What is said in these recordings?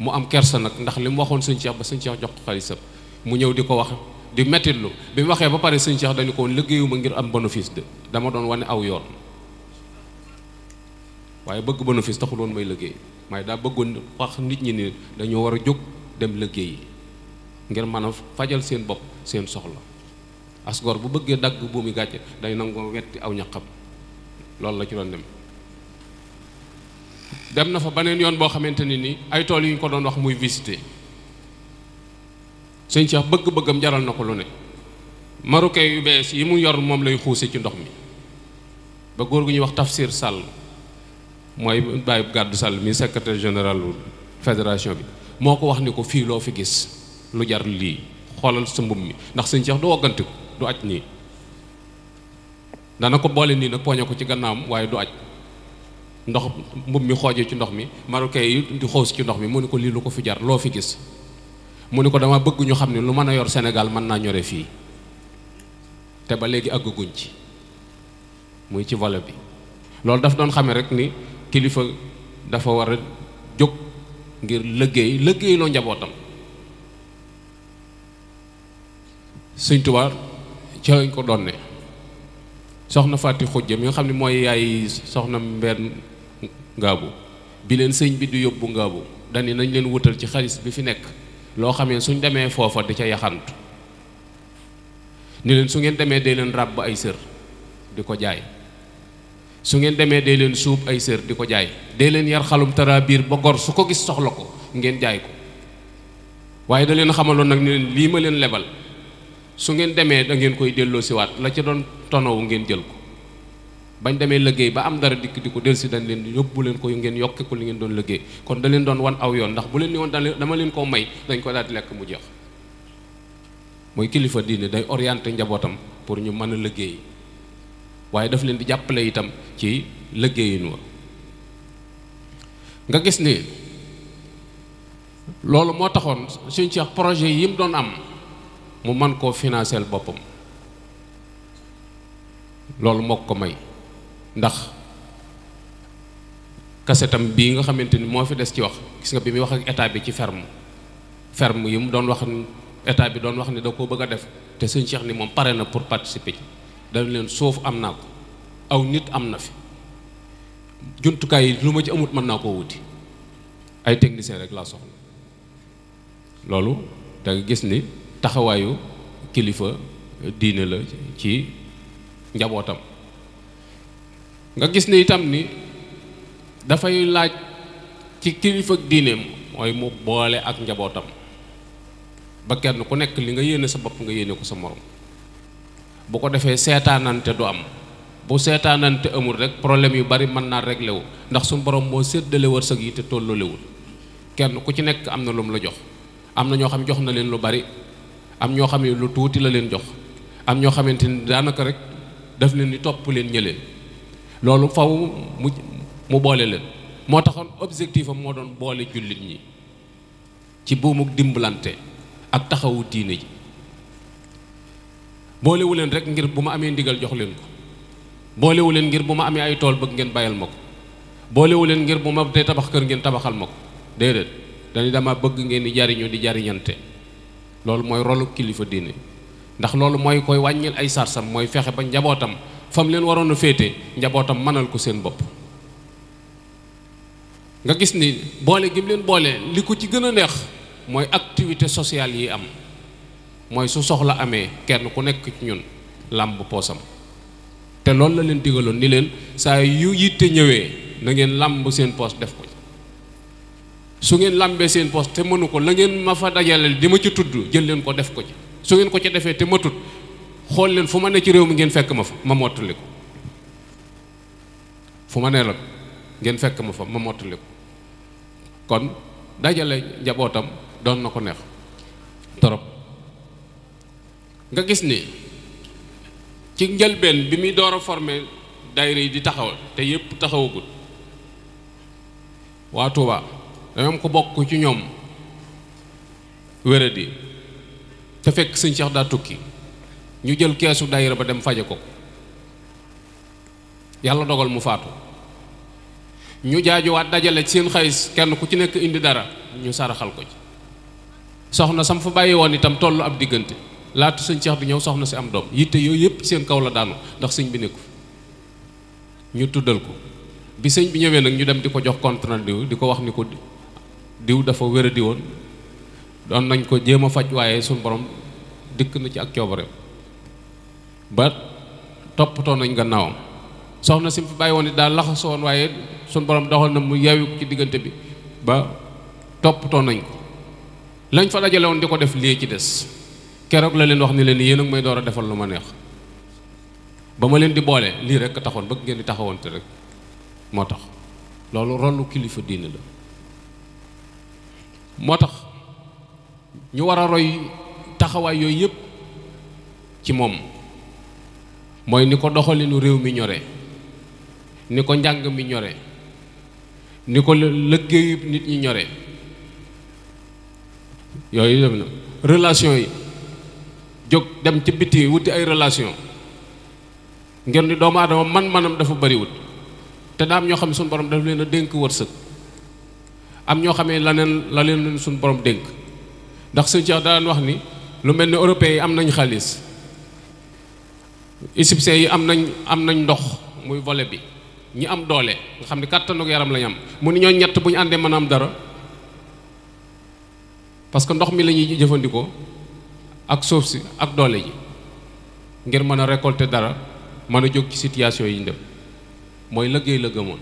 mu am kersa nag ndax li mu waxoon sëñ ba sëñ jox ko xaalisam mu ñëw di ko wax di mettitlu bi mu waxee ba pare sëñ Cheikh dañu ko woon liggéeyuma ngir am bénéfice de dama doon wane aw yoon waaye bëgg bénéfice taxul woon may liggéey may daa bëggoon wax nit ñi ni dañoo war a jóg dem liggéey ngir mën a fajal seen bopp seen soxla asgor bu bëggee dagg buumi gàcce day nangoo wetti aw ñaqam loolu la ci doon dem dem na fa beneen yoon boo xamante ne nii ay tool yu ñu ko doon wax muy visité sëñ Cheikh bëgg-bëggam jaral na ko lu ne marocain yu bees yi mu yor moom lay xuuse ci ndox mi ba góor gu ñuy wax Tafsir sàll mooy bàyyi gàddu Sall mi secretaire général fédération bi moo ko wax ni ko fii loo fi gis lu jar lii xoolal sa mbub mi ndax sëñ Cheikh du woggantiku du aj nii dana ko boole nii nag poñe ko ci gannaawam waaye du aj ndox mbub mi xoojee ci ndox mi marocain yi di xoos ci ndox mi mu ni ko lii lu ko fi jar loo fi gis mu ne ko dama bëgg ñu xam ne lu mën a yor senegal mën naa ñore fii te ba léegi àgguñ ci muy ci volet bi loolu daf doon xame rek ni kilifa dafa war a jóg ngir liggéey liggéey loo njabootam Sëñ Tuubaa ci lañ ko doon ne soxna Faati Xujja mi xam ne mooy yaay soxna Mbeen ngaabu bi leen sëñ bi di yóbbu ngaabu dani nañ leen wutal ci xaalis bi fi nekk loo xamee suñ demee foofa di ca yaxantu ni leen su ngeen demee dee leen ràbb ay sër di ko jaay su ngeen demee dee leen suub ay sër di ko jaay dee leen yar xalum tara biir ba gor su ko gis soxla ko ngeen jaay ko waaye da leen xamaloon nag ni leen lii ma leen lebal su ngeen demee da ngeen koy delloo siwaat la ca doon tonowu ngeen jël ko bañ demee liggéey ba am dara dikk di ko delsi dañ leen yóbbu leen ko ngeen yokke ko li ngeen doon liggéey kon daleen doon wan aw yoon ndax bu leen ni woon dama leen koo may dañ ko daal di lekk mu jeex mooy kilifa diine day orienté njabootam pour ñu mën a liggéey waaye daf leen di jàppale itam ci liggéeyin wa nga gis ni loolu moo taxoon suñ ceex projet yi mu doon am mu mën koo financer boppam loolu moo ko may ndax kasetam bii nga xamante ni moo fi des ci wax gis nga bi muy wax ak état bi ci ferme ferme yi mu doon wax état bi doon wax ni da koo bëgg a def te sëñ Cheikh ni moom pare na pour participer ci dañ leen suuf am naa ko aw nit am na fi jumtukaay yi lu ma ci amut mën naa koo wuti ay technicien rek laa soxla loolu da gis ni taxawaayu kilifa diine la ci njabootam nga gis ne itam ni dafay laaj ci kilifa diineem mooy mu boole ak njabootam ba kenn ku nekk li nga yéene sa bopp nga yéene ko sa morom bu ko defee seetaanante du am bu seetaanante amul rek problème yu bari mën naa réglé wu ndax su borom moo séddale wërsëg yi te tollolewul kenn ku ci nekk am na lu la jox am na ñoo xam jox na leen lu bari am ñoo xam ne lu tuuti la leen jox am ñoo xamante ni daanaka rek def leen ni topp leen ñële loolu faw mu mu boole leen moo taxoon objectif am moo doon boole jullit ñi ci buumuk dimbalante ak taxawu diine ji boolewu leen rek ngir bu ma amee ndigal jox leen ko boolewu leen ngir bu ma amee ay tool bëgg ngeen bàyyal ma ko boolewu leen ngir bu ma dee tabax kër ngeen tabaxal ma ko déedéet dañu dama bëgg ngeen di jariñu di jariñante loolu mooy rolu kilifa diine ndax loolu mooy koy wàññil ay sarsam mooy fexe ba njabootam fam leen waroon a féete njabootam mënal ko seen bopp nga gis ni boole gi mu leen boole li ko ci gën a neex mooy activité sociale yi am mooy su soxla amee kenn ku nekk ñun làmb poosam te loolu la leen digaloon ni leen saa yu yitte ñëwee na ngeen làmb seen poos def ko su ngeen làmbee seen poos te mënu ko la ngeen ma fa dajaleel di ma ci tudd jël leen ko def ko ci su ngeen ko ci defee te matut xool leen fu ma ne ci réew mi ngeen fekk ma fa ma mottali ko fu ma ne la ngeen fekk ma fa ma mottali ko kon dajale njabootam doon na ko neex torop nga gis ni ci njëlbeen bi muy door a formé daayira yi di taxawal te yépp taxawagul waa Touba dañoo am ko bokk ci ñoom wéradi te fekk sëñ Cheikh daa tukki ñu jël keesu daayira ba dem faje ko ko yàlla dogal mu faatu ñu jaajuwaat dajale seen xayis kenn ku ci nekk indi dara ñu saraxal ko ci soxna sam fa bàyyi woon itam toll ab diggante laata sëñ Cheikh di ñëw soxna si am doom yitte yooyu yëpp seen kaw la daanu ndax sëñ bi nekku ñu tuddal ko bi sëñ bi ñëwee nag ñu dem di ko jox compte rendu di ko wax ni ko diw dafa wéradi woon doon nañ ko jéem a faj waaye suñu borom dikk na ci ak coobareem ba toppatoo nañ gannaawam soxna si mu fi bàyyi woon it daal laxasoo woon waaye suñ borom doxal na mu yeewu ci diggante bi ba toppatoo nañ ko lañ fa dajale woon di ko def lii ci des keroog la leen wax ni leen yéen a may door a defal lu ma neex ba ma leen di boole lii rek taxoon ba ngeen di taxawante rek moo tax loolu rolu kilifa diine la tax ñu war a roy taxawaay yooyu yëpp ci moom mooy ni ko doxalinu réew mi ñore ni ko njàng mi ñore ni ko liggéeyu nit ñi ñore yooyu dem na relation yi jóg dem ci biti wuti ay relation ngir ni doomu aadama man-manam dafa bariwut te daa am ñoo xam suñu borom daf leen a dénk wërsëg am ñoo xamee la la leen suñu borom dénk ndax suñu ci daan wax ni lu mel ni européen yi am nañu xaalis égyptiens yi am nañ am nañ ndox muy volet bi ñi am doole nga xam ne kàttanug yaram lañ am mu ni ñoo ñett bu ñu àndee mën a am dara parce que ndox mi lañuy ñuy jëfandikoo ak suuf si ak doole ji ngir mën a récolter dara mën a jóg ci situation yi ñu dem mooy lëggéey la gëmoon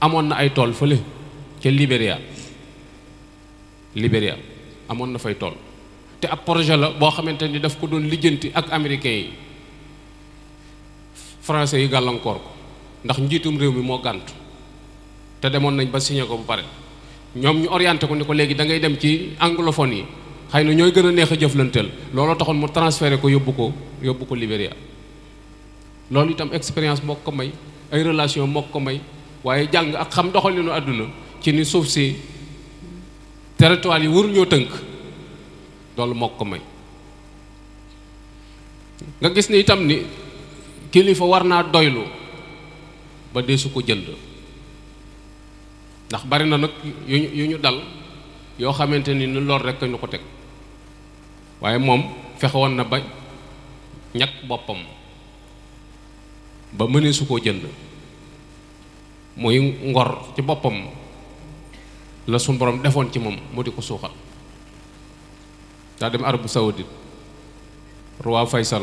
amoon na ay tool fële ca Libéria Libéria amoon na fay tool te ab projet la boo xamante ni daf ko doon lijjanti ak américains yi français yi gàllankoor ko ndax njiitum réew mi moo gàntu te demoon nañ ba signé ko bu pare ñoom ñu orienté ko ni ko léegi da ngay dem ci anglophone yi xëy na ñooy gën a neex a jëflanteel looloo taxoon mu transféré ko yóbbu ko yóbbu ko Libéria loolu itam expérience moo ko may ay relation moo ko may waaye jàng ak xam doxalinu àdduna ci ni suuf si territoire yi wër tënk loolu mook ko may nga gis ni itam ni kilifa war naa doylu ba dee ko jënd ndax bari na nag yu ñu dal yoo xamante ni nu lool rekk ñu ko teg waaye moom fexewoon na ba ñàkk boppam ba mëneesu koo jënd muy ngor ci boppam la suñu borom defoon ci moom mu di ko suuxal daa dem arabu saoudite roi Faysal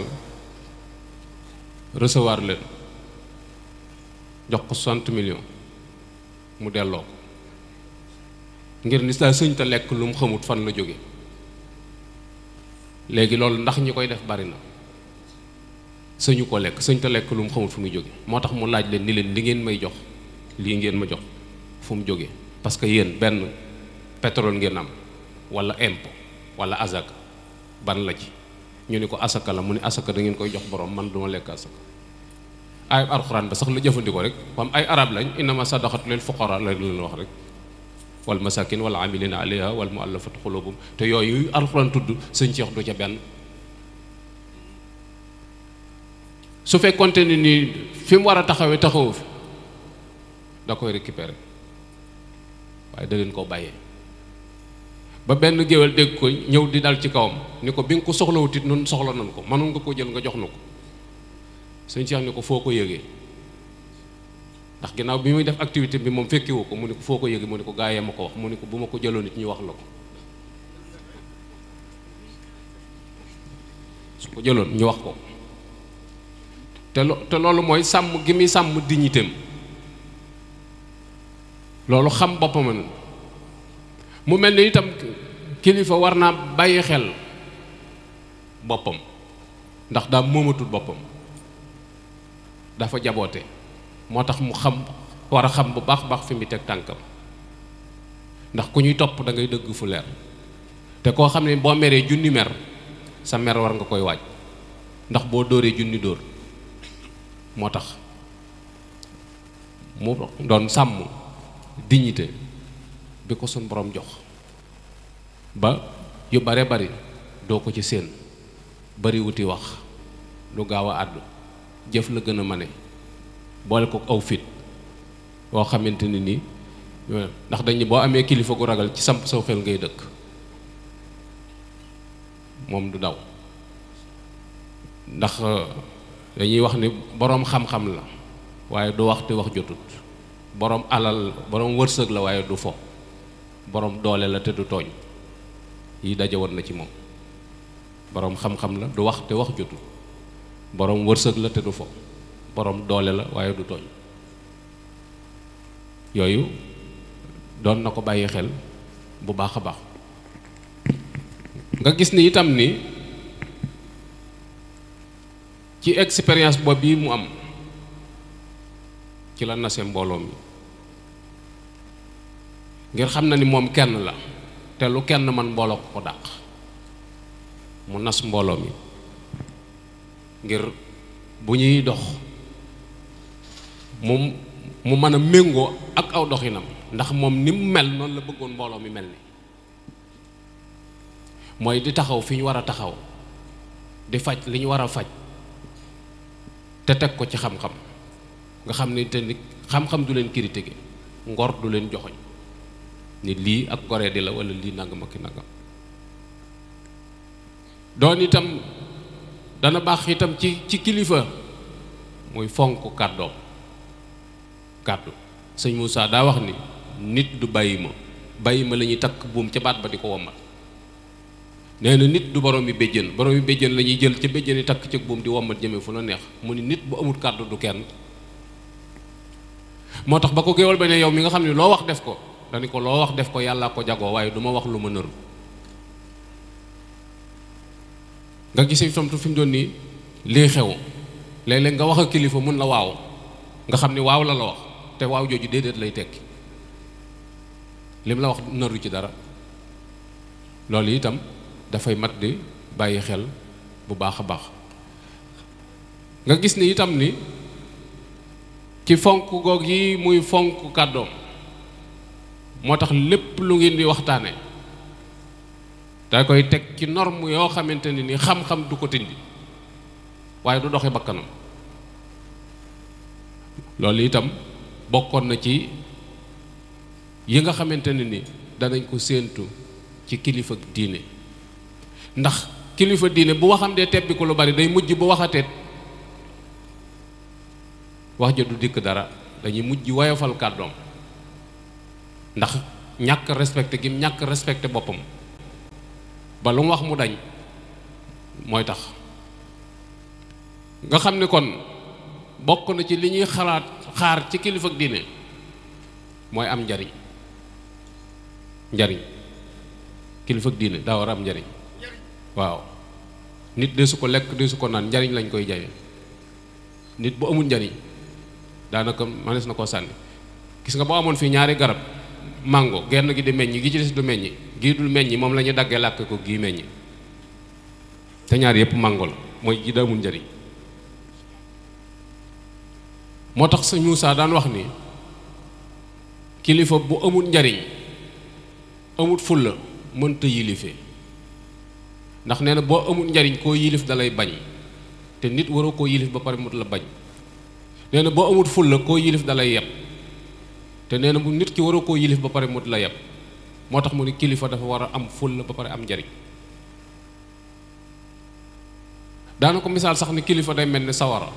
recevoir leen jox ko 60 millions mu delloo ko ngir ni saa sëñ lekk lu mu xamut fan la jóge léegi loolu ndax ñi koy def bari na sëñu ko lekk sëñ te lekk lu mu xamut fu muy jóge moo tax mu laaj leen ni leen li ngeen may jox lii ngeen ma jox fu mu jóge parce que yéen benn pétrole ngeen am wala impôt wala azak ban la ci ñu ne ko asaka la mu ne asaka da ngeen koy jox borom man du ma lekk asaka ayib alxuraan ba sax la jëfandikoo rek comme ay arab lañ innama sadaqatu lil fuqara la leen wax rek wal masakin wal amilina alayha wal muallafati xulubum te yooyu alxuraan tudd sëñ Cheikh du ca benn su fekkonte ni nii fi mu war a taxawee taxawu fi da koy récupérer waaye da leen koo bàyyee ba benn géwél dégg ko ñëw di dal ci kawam ni ko bi nga ko soxlawutit nun soxla nan ko mënul nga ko jël nga jox nu ko sëñ Cheikh ni ko foo ko yëgee ndax ginnaaw bi muy def activité bi moom fekkiwu ko mu ni ko foo ko yëgee mu ni ko gaayee ma ko wax mu ni ko bu ma ko jëloon nit ñu wax la ko su ko jëloon ñu wax ko te te loolu mooy sàmm gi muy sàmm dignité am loolu xam boppam mu mel ni itam kilifa war naa bàyyi xel boppam ndax daa moomatul boppam dafa jaboote moo tax mu xam war a xam bu baax baax fi mu teg tànkam ndax ku ñuy topp da ngay dëgg fu leer te koo xam ne boo meree junni mer sa mer war nga koy waaj ndax boo dóoree junni dóor moo tax mu doon sàmm dignité bi ko suñ borom jox ba yu bare bari doo ko ci séen bari wuti wax du gaaw a àddu jëf la gën a mane boole ko aw fit boo xamante ne ni ndax dañu boo amee kilifa gu ragal ci samp saw ngay dëkk moom du daw ndax dañuy wax ni boroom xam-xam la waaye du wax te wax jotut boroom alal boroom wërsëg la waaye du fo boroom doole la te du tooñ yi daje woon na ci moom boroom xam-xam la du wax te wax jotu boroom wërsëg la te du fo boroom doole la waaye du tooñ yooyu doon na ko bàyyi xel bu baax a baax nga gis ni itam ni ci expérience boobu bii mu am ci la nase mbooloo mi ngir xam na ni moom kenn la te lu kenn man mbooloo ko ko dàq mu nas mbooloo mi ngir bu ñuy dox mu mu mën a méngoo ak aw doxinam ndax moom ni mu mel noonu la bëggoon mbooloo mi mel ni mooy di taxaw fi ñu war a taxaw di faj li ñu war a faj te teg ko ci xam-xam nga xam ne te ni xam-xam du leen critiquer ngor du leen joxoñ nit lii ak goree la wala lii nangam ak nangam doon itam dana baax itam ci ci kilifa muy fonk kàddoom kàddu sëñ Moussa daa wax ni nit du bàyyi ma bàyyi ma la takk buum ca baat ba di ko wommat nee nit du borom yi béjjën borom yi béjjën la ñuy jël ca béjjën yi takk ca buum di wommat jëme fu la neex mu ni nit bu amul kàddu du kenn moo tax ba ko géwal ba ne yow mi nga xam ne loo wax def ko dañu ko loo wax def ko yàlla ko jagoo waaye du ma wax lu ma nëru nga gis itam fi mu doon nii lii xew léeg-léeg nga wax a kilifa mun la waaw nga xam ni waaw la la wax te waaw jooju déedéet lay tekki lim la wax naru ci dara loolu itam dafay mat di bàyyi xel bu baax a baax nga gis ni itam ni ci fonk goog yi muy fonk kàddoom moo tax lépp lu ngeen di waxtaane da koy teg ci norme yoo xamante ne ni xam-xam du ko tindi waaye du doxe bakkanam loolu itam bokkoon na ci yi nga xamante ne ni danañ ko séentu ci kilifa diine ndax kilifa diine bu waxam dee tebbi ko lu bari day mujj bu waxateet wax ja du dikk dara dañuy mujj woyofal kàddoom ndax ñàkk respecté gi ñàkk respecté boppam ba lu mu wax mu dañ mooy tax nga xam ni kon bokk na ci li ñuy xalaat xaar ci kilifa ak diine mooy am njariñ njariñ kilifa ak diine daa war am njariñ waaw nit desu ko lekk de su ko naan njariñ lañ koy jaye nit bu amul njariñ daanaka manees na koo sànni gis nga boo amoon fii ñaari garab mango genn gi di meññ gi ci des du meññ gii dul meññ moom lañuy ñu daggee làkk ko gii meññ te ñaar yëpp mango la mooy gi daamul njëriñ moo tax sëñ Moussa daan wax ni kilifa bu amul njariñ amut fulla mënta yilife ndax nee na boo amul njariñ koo yilif dalay bañ te nit waroo koo yilif ba pare mut la bañ nee na boo amut fulla koo yilif dalay yeb te nee na mu nit ki waroo koo yilif ba pare mu la yab moo tax mu ne kilifa dafa war a am fulla ba pare am njariñ daana ko misaal sax ne kilifa day mel ni sawara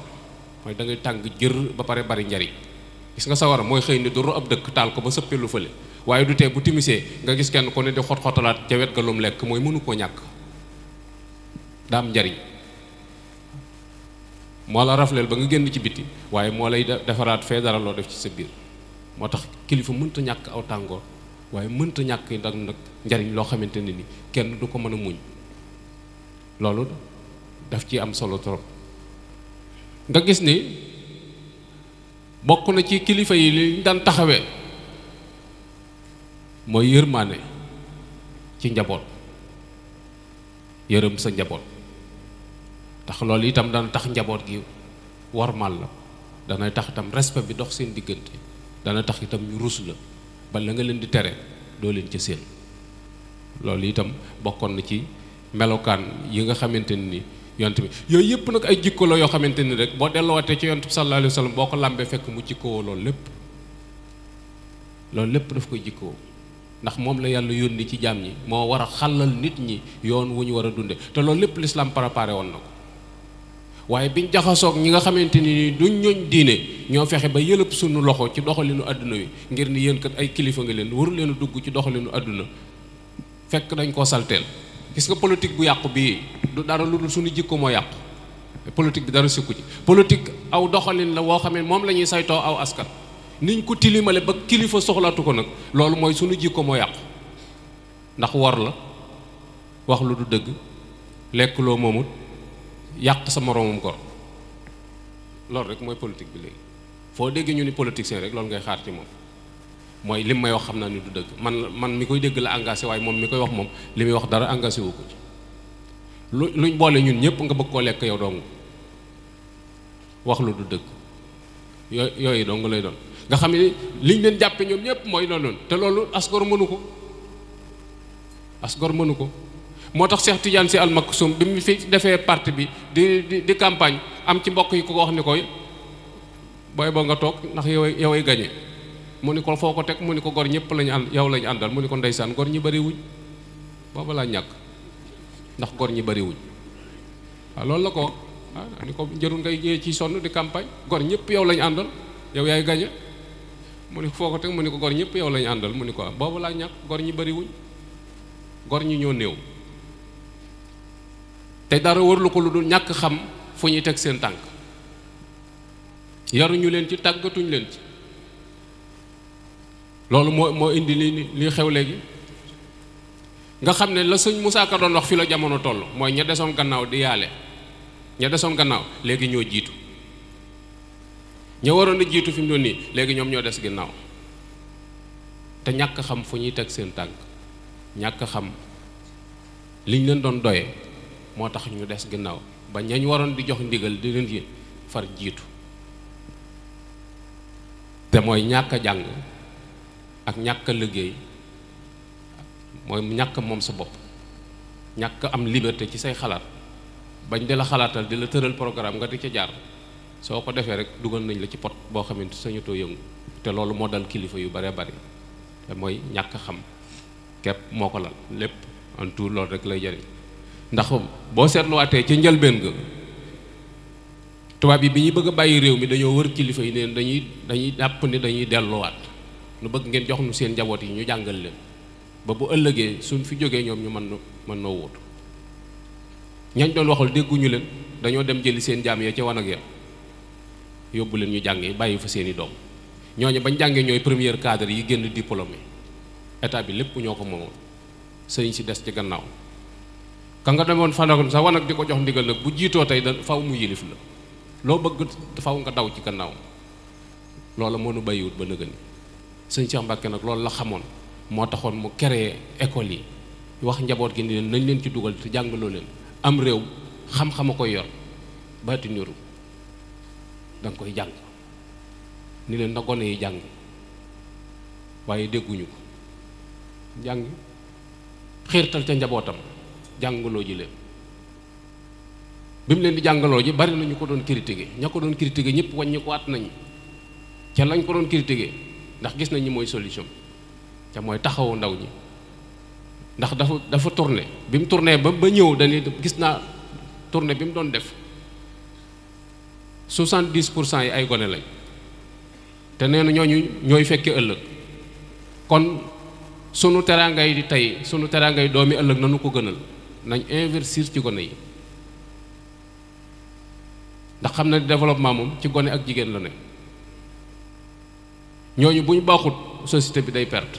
mooy da ngay tàng jër ba pare bari njariñ gis nga sawara mooy xëy ni duru ab dëkk taal ko ba sëppelu fële waaye du tee bu timisee nga gis kenn ko ne di xot-xotalaat ca wet ga lum lekk mooy mënu ko ñàkk daa am njariñ moo la rafleel ba nga génn ci biti waaye moo lay defaraat fee dara loo de ci sa moo tax kilifa mënta ñàkk aw tàngoor waaye mënta ñàkk ndag nag njariñ loo xamante ne ni kenn du ko mën a muñ loolu daf ci am solo trop nga gis ni bokk na ci kilifa yi li ñu daan taxawee mooy yërmaane ci njaboot yërëm sa njaboot tax loolu itam dana tax njaboot gi war warmal la danay tax itam respect bi dox seen diggante dana tax itam ñu rus la ba la nga leen di tere doo leen ca seen loolu itam bokkoon na ci melokaan yi nga xamante ni yonent bi yooyu yëpp nag ay jikko la yoo xamante ni rek boo delluwaatee ci yonent bi sallallahu alayhi wa sallam boo ko làmbee fekk mu jikkoo loolu lépp loolu lépp daf koy jikkoo ndax moom la yàlla yónni ci jaam yi moo war a xàllal nit ñi yoon wu ñu war a dunde te loolu lépp l'islam préparé woon na ko waaye biñ jaxasoog ñi nga xamante ni duñ ñuñ diine ñoo fexe ba yëlëb suñu loxo ci doxalinu àdduna wi ngir ni yéen kat ay kilifa nga leen waru leen a dugg ci doxalinu àdduna fekk dañ koo salteel gis nga politique bu yàqu bii du dara lu dul suñu jikko moo yàqu politique bi dara sikku ci politique aw doxalin la woo xam ne moom la ñuy saytoo aw askan niñ ko tilimale ba kilifa soxlaatu ko nag loolu mooy suñu jikko moo yàqu ndax war la wax lu du dëgg lekk loo moomut yàq sa moroomum ko loolu rek mooy politique bi léegi foo déggee ñu ni politicien rek loolu ngay xaar ci moom mooy li may wax xam naa ni du dëgg man man mi koy dégg la engagé waaye moom mi koy wax moom li muy wax dara engagé wu ko ci lu luñ boole ñun ñëpp nga bëgg koo lekk yow dong wax lu du dëgg yo yooyu dong lay doon nga xam ne liñ leen jàppee ñoom ñëpp mooy loolu te loolu asgor mënu ko asgor mënu ko moo tax Cheikh Tidiane si almaksum bi mu fi defee parti bi di di campagne am ci mbokk yi ko wax ni koy booy boo nga toog ndax yow yow ay gañe mu ni ko foo ko teg mu ni ko gor ñëpp lañu ànd yow lañu àndal mu ni ko ndeysaan gor ñi bëri wuñ laa ñàkk ndax gor ñi bëri wuñ waaw ko ah ni ko njërul ngay ñëwee ci sonn di campagne gor ñëpp yow lañu àndal yow yaay gañe mu ni ko foo ko teg mu ni ko gor ñëpp yow lañu àndal mu ni ko ah, booba laa ñàkk gor ñi bëri gor ñi ñoo néew te dara warlu ko lu dul ñàkk xam fu ñuy teg seen tànk yaruñu leen ci tàggatuñu leen ci loolu moo moo indi li li xew léegi nga xam ne la sëñ Moussa Ka doon wax fi la jamono toll mooy ña desoon gannaaw di yaale ña desoon gannaaw léegi ñoo jiitu ña waroon a jiitu fi doon nii léegi ñoom ñoo des ginnaaw te ñàkk xam fu ñuy teg seen tànk ñàkk xam liñ leen doon doyee moo tax ñu des ginnaaw ba ñañ waroon di jox ndiggal di leen yi far jiitu te mooy ñàkk a jàng ak ñàkk liggéey mooy ñàkk moom sa bopp ñàkk am liberté ci say xalaat bañ di la xalaatal di la tëral programme nga di ca jaar soo ko defee rek dugal nañ la ci pot boo xamante sañutoo yëngu te loolu moo dal kilifa yu baree bari te mooy ñàkk xam képp moo ko lal lépp en tout loolu rek lay jëriñ ndax boo seetluwaatee ci njëlbeen ga tubaab yi bi ñuy bëgg bàyyi réew mi dañoo wër kilifa yi neen dañuy dañuy jàpp ni dañuy delluwaat nu bëgg ngeen jox nu seen njaboot yi ñu jàngal leen ba bu ëllëgee suñ fi jógee ñoom ñu mën mën noo wóotu ñañ doon waxal dégguñu leen dañoo dem jëli seen jaam ya ca wanag ya yóbbu leen ñu jàngee bàyyi fa seeni doom ñooñu bañ jàngee ñooy première cadre yi génn diplômé état bi lépp ñoo ko moomoon sëriñ si des ci gannaaw ka nga demoon fanakon sa wanag di ko jox ndigal nag bu jiitoo tey da faw mu yilif la loo bëgg faw nga daw ci gannaaw loola moo nu bàyyiwut ba nëgëni sëñ Cheikh Mbacke nag loolu la xamoon moo taxoon mu créé école yi wax njaboot gi ni leen nañ leen ci dugal te jàngaloo leen am réew xam-xam a koy yor baati koy jàng ni leen na yi jàng waaye dégguñu ko jàng xiirtal ca njabootam jàngaloo ji leen bi mu leen di jàngaloo ji bari na ñu ko doon critiqué ña ko doon critiqué ñëpp wàññi ko at nañ ca lañ ko doon critiqué ndax gis nañ mooy solution te mooy taxawu ndaw ñi ndax dafa dafa tourné bi mu tourné ba ba ñëw dañuy gis naa tourné bi mu doon def 70 pour cent yi ay gone lañ te nee na ñooñu ñooy fekkee ëllëg kon sunu teraangay di tey sunu teraangay doomi ëllëg nanu ko gënal nañ investir ci gone yi ndax xam na développement moom ci gone ak jigéen la ne ñooñu bu ñu baaxut société bi day perte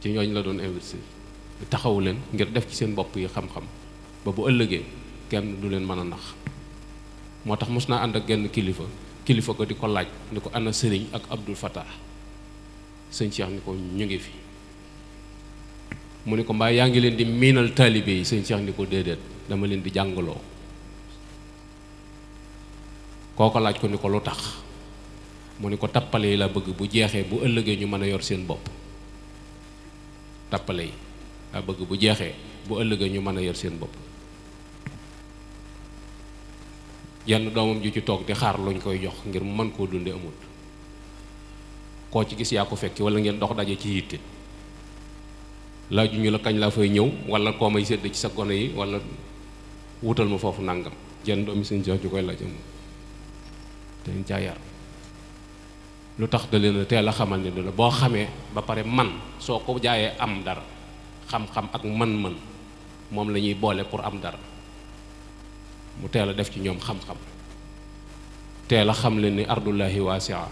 ci ñooñu la doon investir taxawu leen ngir def ci seen bopp yi xam-xam ba bu ëllëgee kenn du leen mën a nax moo tax mos naa ànd ak genn kilifa kilifa ko di ko laaj ni ko ana sëriñ ak Abdul Fattah sëñ Cheikh ni ko ñu ngi fi mu ne ko mbaa yaa ngi leen di miinal taalibe yi sëñ Cheikh ni déedéet dama leen di jàngaloo kooko laaj ko ni ko lu tax mu ni ko tappale yi la bëgg bu jeexee bu ëllëgee ñu mën a yor seen bopp tappale yi bëgg bu jeexee bu ëllëgee ñu mën a yor seen bopp yenn doomam ju ci toog di xaar luñ koy jox ngir mu mën koo dunde amut koo ci gis yaa ko fekki wala ngeen dox daje ci yitte laaj yu ñu la kañ laa fay ñëw wala koo may sédd ci sa gone yi wala wutal ma foofu nangam jenn doomi si Cheikh ju koy laaj dañ caa lu tax da leen a teel a xamal ne la boo xamee ba pare man soo ko jaayee am dara xam-xam ak man man moom la ñuy boole pour am dara mu teel a def ci ñoom xam-xam teel a xam leen ni ardullahi waasia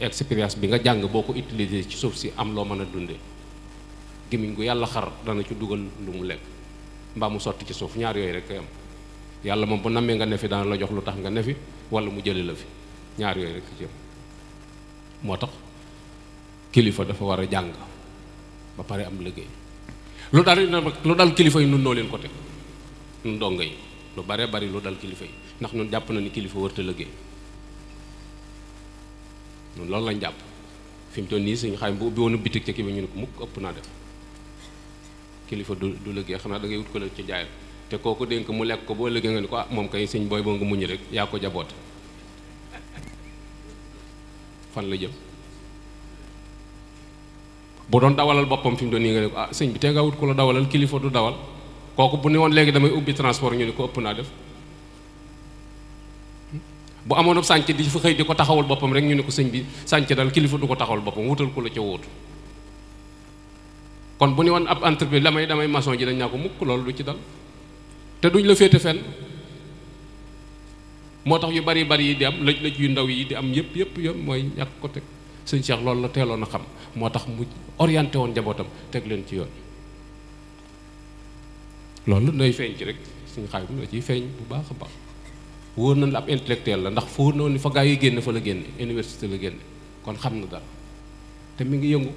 expérience bi nga jàng boo ko utiliser ci suuf si am loo mën a dundee gémmiñ gu yàlla xar dana ci dugal lu mu lekk mbaa mu sotti ci suuf ñaar yooyu rek kay am yàlla moom bu nammee nga ne fi dana la jox lu tax nga ne fi wala mu jële la fi ñaar yooyu rekk ci am moo tax kilifa dafa war a jàng ba pare am liggéey lu dal lu dal kilifa yi nun noo leen ko teg nun dongo yi lu bare bari lu dal kilifa yi ndax nun jàpp na ni kilifa wërta liggéey nun loolu lañ jàpp fi mu toll nii suñu xayma bu ubbi woon bitik ca kii ñu ne ko mukk ëpp naa kilifa du du liggéey xam naa da ngay wut ko la ci jaayam te kooku dénk mu lekk ko boo liggéey nga ni ko ah moom kay sëñ booy boo nga muñ rek yaa ko jaboot fan la jëm bu doon dawalal boppam fi mu doon nii nga ne ko ah sëñ bi te nga wut ko la dawalal kilifa du dawal kooku bu ne woon léegi damay ubbi transport ñu ne ko ëpp naa def bu amoon ab sànc di fa xëy di ko taxawal boppam rek ñu ne ko sëñ bi sànc dal kilifa du ko taxawal boppam wutal ko la ca wóotu kon bu ñu woon ab entreprise damay damay maçon ji dañ naa ko mukk loolu du ci dal te duñ la féete fenn moo tax yu bari bari yi di am lëj lëj yu ndaw yi di am yëpp yëpp yëpp mooy ñàkk ko teg sëñ Cheikh loolu la teeloon a xam moo tax mu orienté woon njabootam teg leen ci yoon loolu day feeñ ci rek suñu xaay la ciy feeñ bu baax a baax wóor na la ab intellectuel la ndax foo noonu fa gaa yi génn fa la génne université la génne kon xam na dara te mi ngi yëngu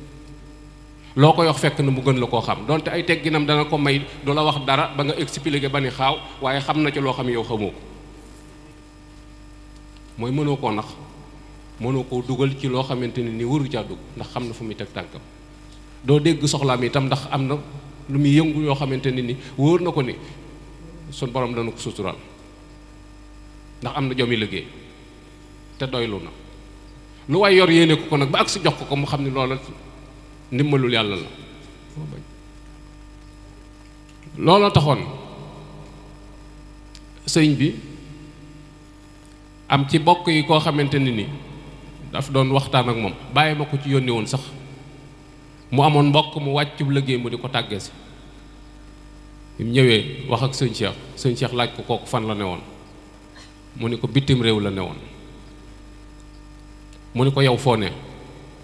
loo ko wax fekk na mu gën la koo xam donte ay tegginam dana ko may du la wax dara ba nga expliquer ba ni xaaw waaye xam na ci loo xam yow xamoo ko mooy mënoo koo nax mënoo koo dugal ci loo xamante ne ni waru caa dugg ndax xam na fu muy teg tànkam doo dégg soxlaam itam ndax am na lu muy yëngu yoo xamante ne ni wóor na ko ni sun borom dana ko suturaal ndax am na jomi liggéey te doylu na lu waay yor yéene ko ko nag ba ak jox ko ko mu xam ne loola ndimbalul yàlla la looloo taxoon sëñ bi am ci bokk yi koo xamante ni nii daf doon waxtaan ak moom bàyyi ma ko ci yónni woon sax mu amoon mbokk mu wàccub liggéey mu di ko tàggee si bi mu ñëwee wax ak sëñ Cheikh sëñ Cheikh laaj ko kooku fan la ne woon mu ni ko bitim réew la ne woon mu ni ko yow foo ne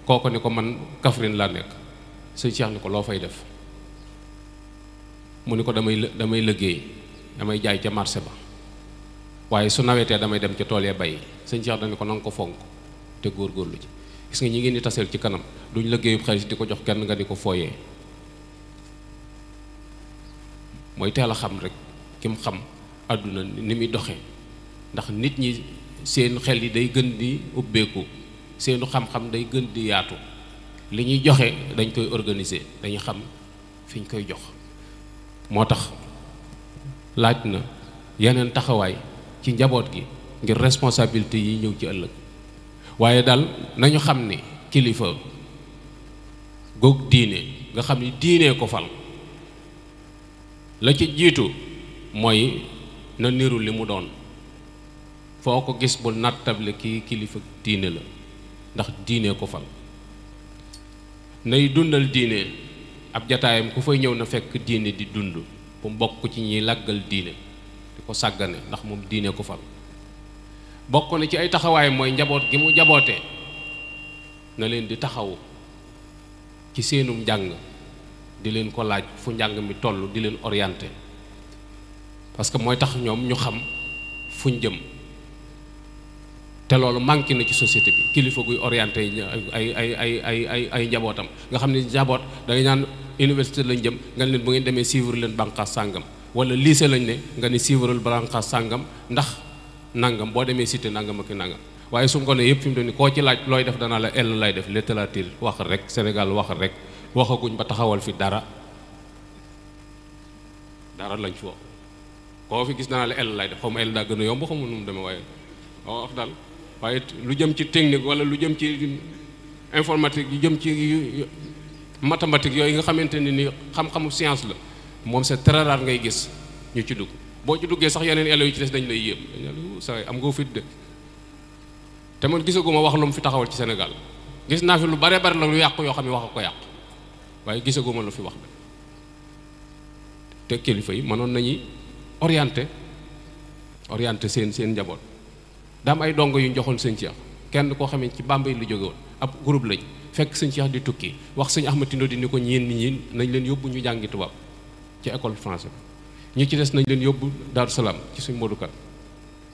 kooku ni ko man Kaffrine laa nekk sëñ Cheikh ni ko loo fay def mu ni ko damay damay liggéey damay jaay ca marché ba waaye su nawetee damay dem ca tool ya bay sëñ Cheikh dañu ko na ko fonk te góor góorgóorlu ci gis nga ñi ngeen di taseel ci kanam duñ liggéeyub xaalis di ko jox kenn nga di ko fooyee mooy teel a xam rek kim xam àdduna ni muy doxee ndax nit ñi seen xel yi day gën di ubbeeku seenu xam-xam day gën di yaatu li ñuy joxe dañ koy organiser dañu xam fi ñu koy jox moo tax laaj na yeneen taxawaay ci njaboot gi ngir responsabilité yi ñëw ci ëllëg waaye daal nañu xam ni kilifa goog diine nga xam ni diine ko fal la ci jiitu mooy na niru li mu doon foo ko gis bu nattab le kii kilifa diine la ndax diine ko fal nay dundal diine ab jataayam ku fay ñëw na fekk diine di dund bu bokk ci ñiy làggal diine di ko sàggane ndax moom diine ko fal bokk na ci ay taxawaay mooy njaboot gi mu njaboote na leen di taxawu ci seenum njàng di leen ko laaj fu njàng mi toll di leen orienté parce que mooy tax ñoom ñu xam fuñ jëm te loolu manqué na ci société kilifa guy orienté ay ay ay ay ay njabootam nga xam ne njaboot da naan université lañ jëm nga leen bu ngeen demee suivre leen bànqaas sàngam wala lycée lañ ne nga ne suivre bànqaas sàngam ndax nangam boo demee cité nangam ak nangam waaye su ko ne yëpp fi mu doon koo ci laaj looy def danaa la ell lay def littérature wax rek senegal wax rek waxaguñ ba taxawal fi dara dara lañ fi wax koo fi gis danaa la ell lay def xaw ma ell daa gën a yomb xaw ma demee waaye wax waaye lu jëm ci technique wala lu jëm ci informatique lu jëm ci matamatique yooyu nga xamante ne ni xam-xamu science la moom c'est très rare ngay gis ñu ci dugg boo ci duggee sax yeneen élèves yu ci des dañ lay yéem dañ sa am nga fit de te man gisaguma wax lu mu fi taxawal ci Sénégal gis naa fi lu bare bare la lu yàqu yoo xam ne wax ko yàqu waaye gisaguma lu fi wax de te kilifa yi mënoon nañuy orienté orienté seen seen njaboot daa ay dongo yu ñu joxoon sëñ Cheikh kenn koo xamee ci bàmbay lu jóge woon ab groupe lañ fekk sëñ Cheikh di tukki wax sëñ Ahmad Tindo di ni ko ñeen nit ñi nañ leen yóbbu ñu jàngi tubaab ci école français ñi ci des nañ leen yóbbu Daaru Salaam ci suñ modukat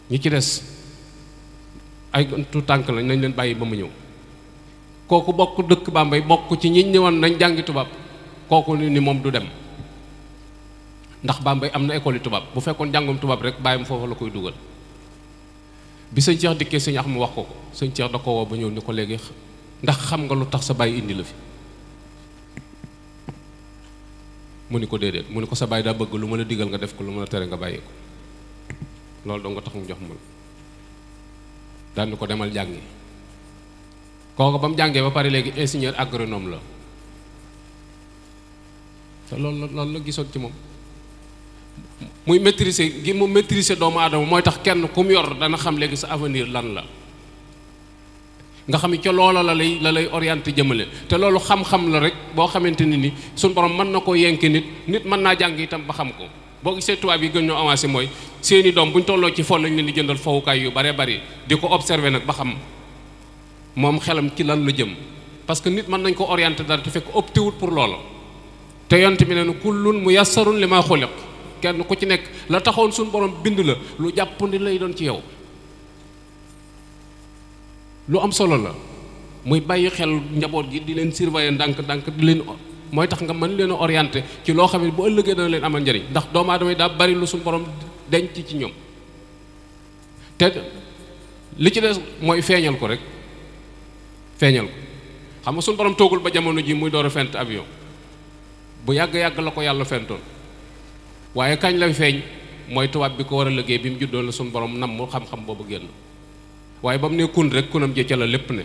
ñi ci des ay tu tànk lañ nañ leen bàyyi ba mu ñëw kooku bokk dëkk Bambey bokk ci ñiñ ne woon nañ jàngi tubaab kooku ni moom du dem ndax Bambey am na école yi tubaab bu fekkoon jàngum tubaab rek bàyyam foofu la koy dugal bi sëñ Cheikh dikkee sëñ mu wax ko ko sëñ Cheikh da ko woo ba ñëw ni ko léegi ndax xam nga lu tax sa bàyyi indi la fi mu ni ko déedéet mu ni ko sa bàyyi daa bëgg lu ma la digal nga def ko lu ma la tere nga bàyyi ko loolu doo nga tax jox ma daan ko demal jàngi kooku ba mu jàngee ba pare léegi ingénieur agronome la te loolu la loolu la gisoon ci moom muy maîtriser gi mu maîtriser doomu adama mooy tax kenn ku mu yor dana xam léegi sa avenir lan la nga xam ni ca loola la lay la lay orienté jëmale te loolu xam-xam la rek boo xamante ne ni suñ borom mën na koo yenkee nit nit mën naa jàng itam ba xam ko boo gisee tubaab gën ñoo avancé mooy seeni doom bu ñu tolloo ci fo lañ leen di jëndal fowukaay yu bare bari di ko observé nag ba xam moom xelam ci lan la jëm parce que nit mën nañ ko orienté dara te fekk opté wut pour loolu te yont mi ne kullun muyassarun li ma xuliq kenn ku ci nekk la taxoon suñu borom bind la lu jàppandi lay doon ci yow lu am solo la muy bàyyi xel njaboot gi di leen surveiller ndànk-ndànk di leen mooy tax nga mën leen a orienté ci loo xam ne bu ëllëgee dana leen amal njëriñ ndax doomu aadama yi daa bari lu suñu borom denc ci ñoom te li ci des mooy feeñal ko rek feeñal ko xam nga suñu borom toogul ba jamono ji muy door a fent avion bu yàgg-yàgg la ko yàlla fentoon waaye kañ lay feeñ mooy tubaab bi ko war a liggéey bi mu juddoo la suñ borom nam mu xam-xam boobu génn waaye ba mu ne kun rek kunam jëcca la lépp ne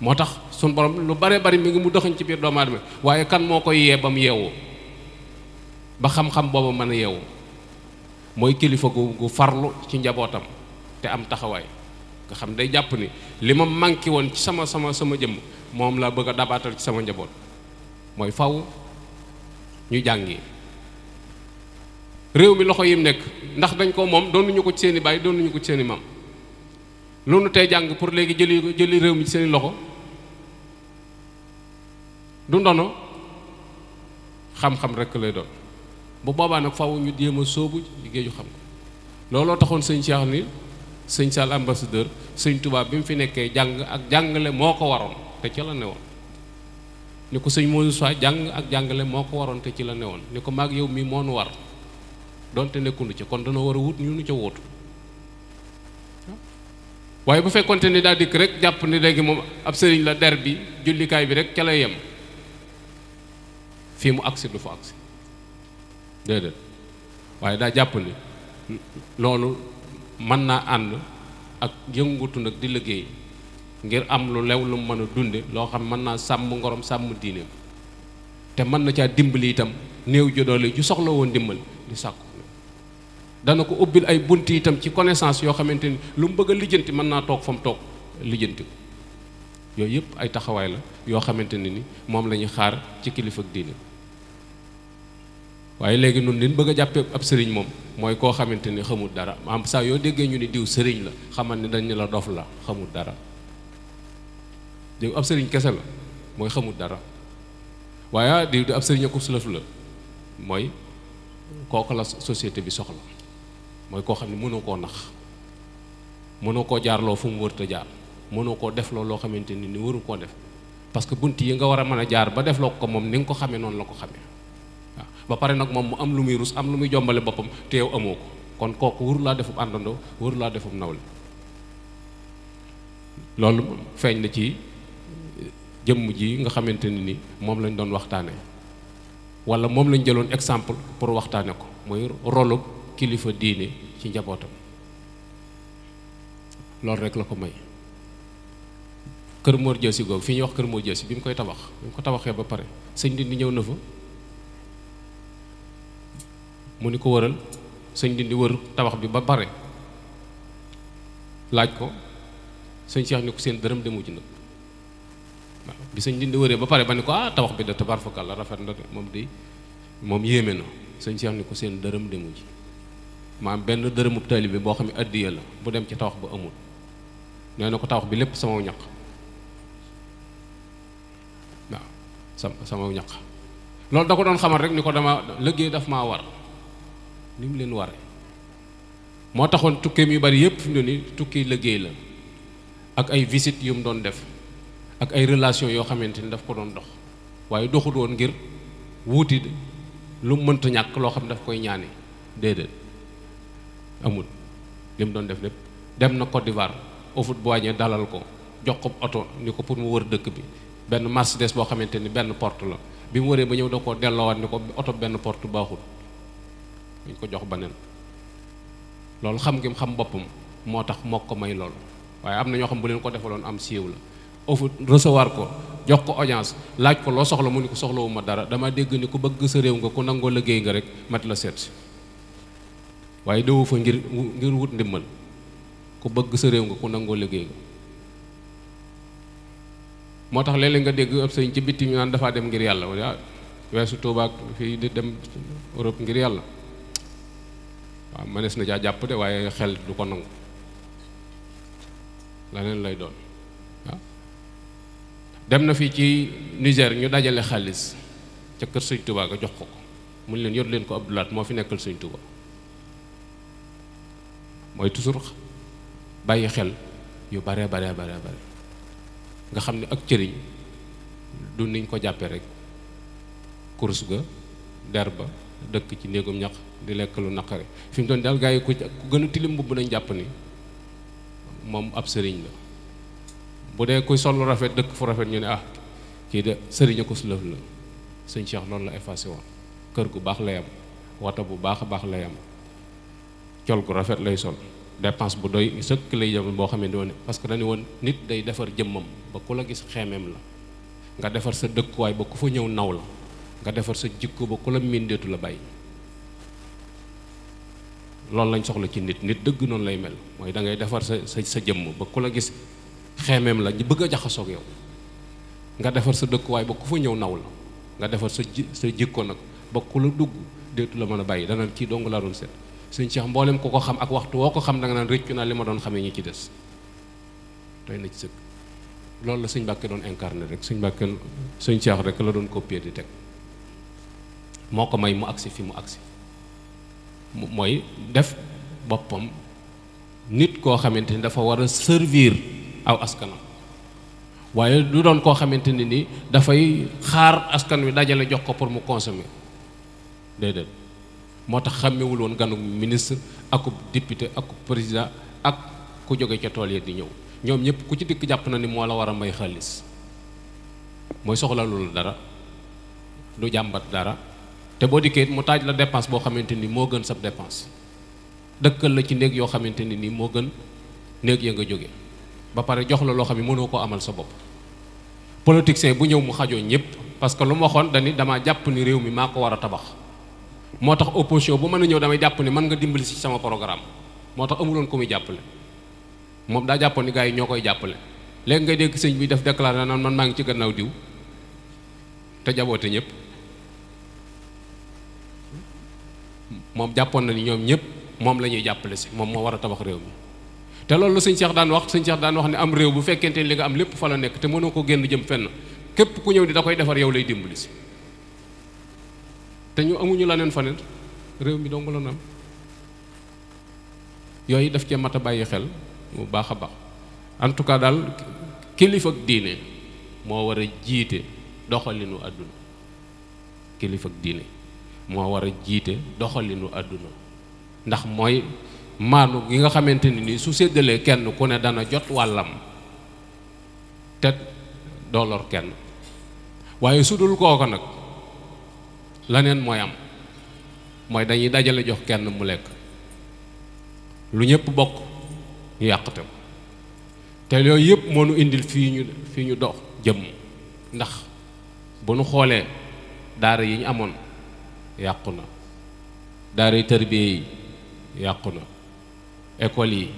moo tax suñ borom lu bare bari mi ngi mu doxañ ci biir doomu aadama waaye kan moo koy yee ba mu yeewoo ba xam-xam boobu mën a yeewu mooy kilifa gu farlu ci njabootam te am taxawaay nga xam day jàpp ni li ma manqué woon ci sama sama sama jëmm moom laa bëgg a dabaatal ci sama njaboot mooy faw ñu jàngi réew mi loxo yim nekk ndax dañ koo moom doon doonuñu ko ci seen i baay doonuñu ko ci seen i maam loolu tey jàng pour léegi jëli jëli réew mi ci seen i loxo du ndono xam-xam rek lay doon bu boobaan nag faaw ñu jéem a sóobu liggéey xam ko looloo taxoon sëñ Cheikh ni sëñ Sall ambassadeur sëñ tubaab bi mu fi nekkee jàng ak jàngale moo ko waroon te la newoon ni ko sëñ Moussa jàng ak jàngale moo ko waroon te ci la newoon ni ko maag yow mii moo nu war. donte nekkunu ca kon dana war a wut ñu nu ca wootu waaye bu fekkonte ni daa dikk rek jàpp ni léegi moom ab sëriñ la der bi jullikaay bi rek ca lay yem fii mu agsi du fa agsi déedéet waaye daa jàpp ni loolu mën naa ànd ak yëngutu nag di liggéey ngir am lu lew lu mën a dunde loo xam mën naa sàmm ngorom sàmm diineem te mën na caa dimbali itam néew ju doole ju soxla woon dimbal di sàkku dana ko ubbil ay bunt itam ci connaissance yoo xamante ni lu mu bëgg a lijjanti mën naa toog fa toog lijjanti ko yooyu yëpp ay taxawaay la yoo xamante ne ni moom la xaar ci kilifa ak diine waaye léegi nun liñ bëgg a jàppee ab sëriñ moom mooy koo xamante ni xamul dara am saa yoo déggee ñu ni diw sëriñ la xamal ni dañ la dof la xamul dara diw ab sëriñ kese la mooy xamul dara waaye ah, diw di ab sëriñ ak ku la mooy kooku la société bi soxla mooy koo xam ne mënoo koo nax mënoo koo jaarloo fu mu wërta jaar mënoo koo defloo loo xamante ni ni waru koo def parce que bunt yi nga war a mën a jaar ba defloo ko moom ni nga ko xamee noonu la ko xamee ba pare nag moom mu am lu muy rus am lu muy jombale boppam te amoo ko kon kooku waru laa defum àndandoo laa defum nawle loolu feeñ na ci jëmm ji nga xamante ne ni moom lañ doon waxtaane wala moom lañ jëloon exemple pour waxtaane ko mooy rolu kilifa diine ci njabootam loolu rek la ko may kër Mor Diassi googu fi ñuy wax kër Mor Diassi bi mu koy tabax bi mu ko tabaxee ba pare sëñ Ndindi ñëw na fa mu ni ko wëral sëñ Ndindi wër tabax bi ba pare laaj ko sëñ Cheikh ni ko seen dërëm demu ci nag waaw bi sëñ Ndindi wëree ba pare ba ni ko ah tabax bi da tabaar fakal la rafet na de moom de moom yéeme na sëñ Cheikh ni ko seen dërëm demu ci maam benn dërëmub taalibe boo xam ne addiya la bu dem ci tawax ba amul nee na ko tawax bi lépp sama ñaq waaw sama sama ñaq loolu da ko doon xamal rek ni ko dama liggéey daf maa war ni mu leen waree moo taxoon tukkeem yu bari yëpp fi ne nii tukki liggéey la ak ay visite yu mu doon def ak ay relation yoo xamante ni daf ko doon dox waaye doxut woon ngir wuuti lu mu mënta ñàkk loo xam daf koy ñaane déedéet. amul li mu doon def lépp dem na Côte d'Ivoire Houphouët Boigny dalal ko jox ko oto ni ko pour mu wër dëkk bi benn Mercedes boo xamante ni benn porte la bi mu wëree ba ñëw da koo waat ni ko oto benn porte baaxul ñu ko jox beneen loolu xam ngim xam boppam moo tax moo ko may loolu waaye am na ñoo xam bu leen ko defaloon am siiw la Houphouët recevoir ko jox ko audience laaj ko loo soxla mu ni ko soxlawuma dara dama dégg ni ku bëgg sa réew nga ku nangoo liggéey nga rek mat la seet waaye déwu fa ngir ngir wut ndimmal ku bëgg sa réew nga ku nangoo liggéey nga moo tax léeg-léeg nga dégg ab sëñ ci bitti ñu naan dafaa dem ngir yàlla wala ah, weesu Tuuba fii di dem Europe ngir yàlla waaw mënees na caa jàpp de waaye xel du ko nangu laneen lay doon dem na fii ci Niger ñu dajale xaalis ca kër sëñ Tuuba nga jox ko ko mu leen yor leen ko Abdoulaat moo fi nekkal sëñ Tuuba mooy toujours bàyyi xel yu baree baree baree bare nga xam ne ak cëriñ du niñ ko jàppee rek course ga der ba dëkk ci néegum ñax di lekk lu naqare fi mu doon daal gars yi ku gën a tilim mbubb nañ jàpp ni moom ab sëriñ la bu dee kuy sol lu rafet dëkk fu rafet ñu ne ah kii de sëriñ a ko sulëf la sëñ Cheikh loolu la effacé woon kër gu baax lay am wata bu baax a baax lay am col gu rafet lay sol dépense bu doy sëkk lay jëm boo xam ni doone parce que dañu woon nit day defar jëmmam ba ku la gis xeemeem la nga defar sa dëkkuwaay ba fa ñëw naw la nga defar sa jikko ba ku la mindeetu la bàyyi loolu lañ soxla ci nit nit dëgg noonu lay mel mooy da ngay defar sa sa sa jëmm ba la gis xeemeem la ñu bëgg a jaxasoog yow nga defar sa dëkkuwaay ba ku fa ñëw naw la nga defar sa ji sa jikko nag ba ku la dugg deetu la mën a bàyyi dana kii dong laa doon set sëñ Cheikh mboolem ku ko xam ak waxtu woo ko xam da nga naan rëccu naa li ma doon xamee ñi ci des doy na ci sëkk loolu la sëñ Mbàkke doon incarné rek suñ Mbàkke sëñ Cheikh rek la doon copier di teg moo ko may mu agsi fi mu agsi mooy def boppam nit koo xamante ni dafa war a servir aw askanam waaye lu doon koo xamante ne ni dafay xaar askan wi dajale jox ko pour mu consommer déedéet moo tax xàmmewul woon ganug ministre akub député akub président ak ku jóge ca tool ya di ñëw ñoom ñëpp ku ci dikk jàpp na ni moo la war a may xaalis mooy soxla loolu dara du jàmbat dara te boo dikkee mu taaj la dépense boo xamante ni moo gën sab dépense dëkkal la ci néeg yoo xamante ni nii moo gën néeg ya nga jóge ba pare jox la loo xam ne mënoo ko amal sa bopp politicien bu ñëw mu xajoo ñëpp parce que lu ma waxoon dañi dama jàpp ni réew mi maa ko war a tabax moo tax opposition bu mën a ñëw damay jàpp ni man nga dimbali si sama programme moo tax amuloon ku muy jàppale moom daa jàppoon ni gars yi ñoo koy jàppale léegi nga dégg sëñ bi def déclaré naan man maa ngi ci gannaaw diw te jaboote ñëpp moom jàppoon na ni ñoom ñëpp moom la ñuy jàppale si moom moo war a tabax réew mi te loolu la sëñ Cheikh daan wax sëñ Cheikh daan wax ne am réew bu fekkente ni li nga am lépp fa la nekk te mënoo ko génn jëm fenn képp ku ñëw di da koy defar yow lay dimbali si te ñu amuñu la neen fa neen réew mi dong la ñu yooyu daf cee mat a bàyyi xel bu baax a baax en tout cas daal kilifa ak diine moo war a jiite doxalinu àdduna kilifa ak moo war a jiite doxalinu àdduna ndax mooy maanu gi nga xamante ni nii su séddalee kenn ku ne dana jot wàllam te doolor kenn waaye su dul kooka nag laneen mooy am mooy dañuy dajale jox kenn mu lekk lu ñëpp bokk ñu yàqte ko te yooyu yëpp moo nu indil fii ñu fii ñu dox jëm ndax bu nu xoolee daara yi ñu amoon yàqu na daara yi tarbiye yi yàqu na école yi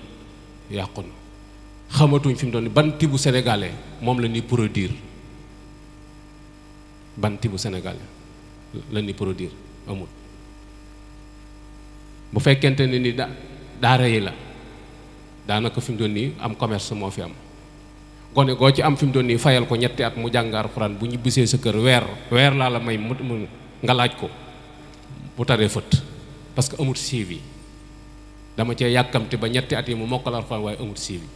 yàqu na xamatuñ fi mu doon ban tibu sénégalais moom la nii produire ban tibu sénégalais la ñuy produire amul bu fekkente ne ni da daara yi la daanaka fi mu doon nii am commerce moo fi am gone goo ci am fi mu doon nii fayal ko ñetti at mu jàngar alxuraan bu ñibbisee sa kër weer weer laa la may mu nga laaj ko bu taree fët parce que amul suivi dama cee yàkkamti ba ñetti at yi mu mokkal alxuraan waaye amul suivi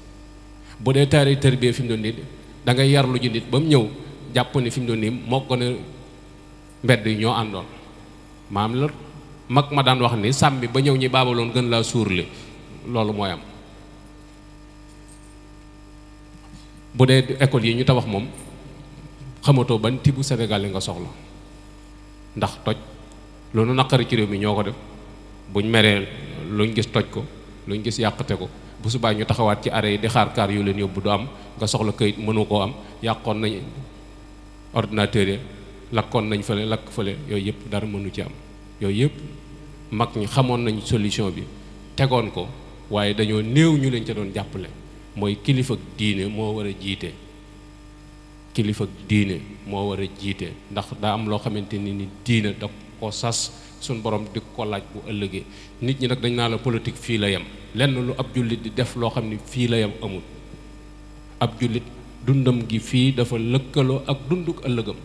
bu dee taari tarbiyee fi mu doon nii da ngay yarlu nit ba mu ñëw jàpp ne fi doon nii moo gone mbedd yi ñoo àndoon maam la mag ma daan wax ni sàmmi ba ñëw ñi baabaloon gën laa suurle loolu mooy am bu dee école yi ñu tabax moom xamatoo ban tibbu senegal yi nga soxla ndax toj lu nu naqari ci réew mi ñoo ko def ñu meree luñ gis toj ko luñ gis yàqte ko bu subaa ñu taxawaat ci are yi di xaar kaar yu leen yóbbu du am nga soxla kayit mënu koo am yàqoon nañ ordinateur lakkoon nañ fële lakk fële yooyu yëpp dara mënu ci am yooyu yëpp mag ñi xamoon nañu solution bi tegoon ko waaye dañoo néew ñu leen ca doon jàppale mooy kilifa diine moo war a jiite kilifa diine moo war a jiite ndax daa am loo xamante ni ni diine da ko sas sunu borom di ko laaj bu ëllëgee nit ñi nag dañ naa la politique fii la yem lenn lu ab jullit di def loo xam ne fii la yem amul ab jullit dundam gi fii dafa lëkkaloo ak dunduk ëllëgam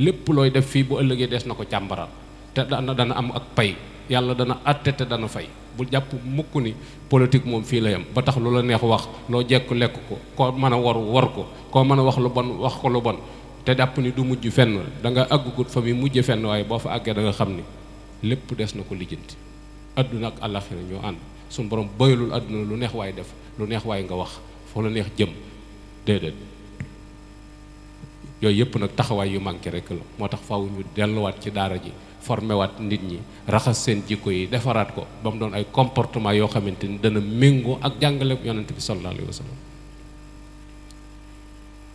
lépp looy def fii bu ëllëgee des na ko càmbaral te dana dana am ak pay yàlla dana àtte te dana fay bu jàpp mukk ni politique moom fii la yam ba tax lu la neex wax loo jekk lekk ko ko mën a waru war ko koo mën a wax lu bon wax ko lu bon te jàpp ni du mujj fenn da nga àggugut fa muy mujj fenn waaye boo fa àggee da xam ni lépp des na ko lijjanti àdduna ak àllaxira ñoo ànd suñu borom bayalul àdduna lu neex waay def lu neex waaye nga wax foo la neex jëm yooyu yëpp nag taxawaay yu manqué rek la moo tax faw ñu delluwaat ci daara ji formé waat nit ñi raxas seen jikko yi defaraat ko ba mu doon ay comportement yoo xamante ni dana méngoo ak jàngale yonent bi sallallahu alayhi wa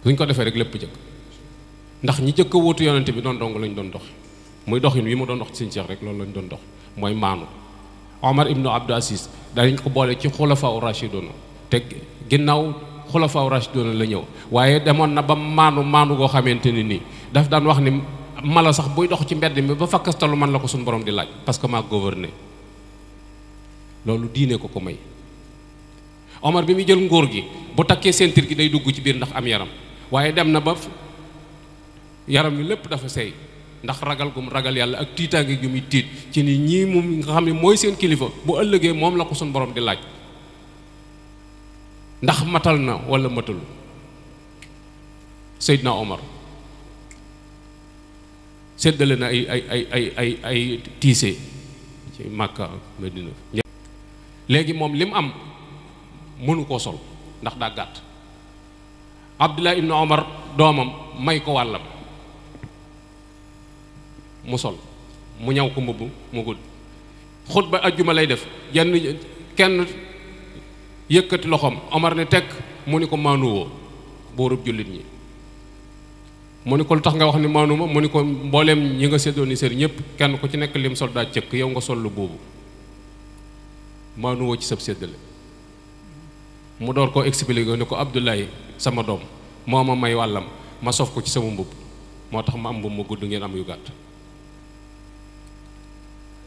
suñ ko defee rek lépp jëkk ndax ñi jëkk a wóotu yonent bi doon dong lañ doon dox muy doxin wi mu doon dox ci seen rek loolu lañ doon dox mooy maanu Omar ibnu Abdou Aziz danañ ko boole ci xulafaa u rashidun te ginnaaw xulafaaw rashidun la ñëw waaye demoon na ba maanu maanu goo xamante ni nii daf daan wax ni mala sax buy dox ci mbedd mi ba fakkastalu man la ko suñ borom di laaj parce que maa gouverné loolu diine ko ko may Omar bi muy jël nguur gi bu takkee ceinture gi day dugg ci biir ndax am yaram waaye dem na ba yaram wi lépp dafa seey ndax ragal gum ragal yàlla ak tiitaange gi muy tiit ci ni ñii moom nga xam ne mooy seen kilifa bu ëllëgee moom la ko suñu borom di laaj ndax matal na wala matul na Omar séddale na ay ay ay ay tiise ci Màkka Medina léegi moom li mu am mënu koo sol ndax daa gàtt Abdullah ibnu Omar doomam may ko wàllam mu sol mu ñaw ko mbubb mu gudd xutba ajjuma lay def jenn kenn yëkkati loxoom Omar ne tekk mu ni ko maanuwoo buurub jullit ñi mu ni ko lu tax nga wax ni maanuma mu ni ko mbooleem ñi nga séddoon ni sër ñëpp kenn ku ci nekk lim soldat cëkk yow nga sol lu boobu maanuwoo ci sab seddale mu door koo expliqué ni ko Abdoulaye sama doom moom ma may wàllam ma sof ko ci sama mbubb moo tax ma am mbubb ma gudd ngeen am yu gàtt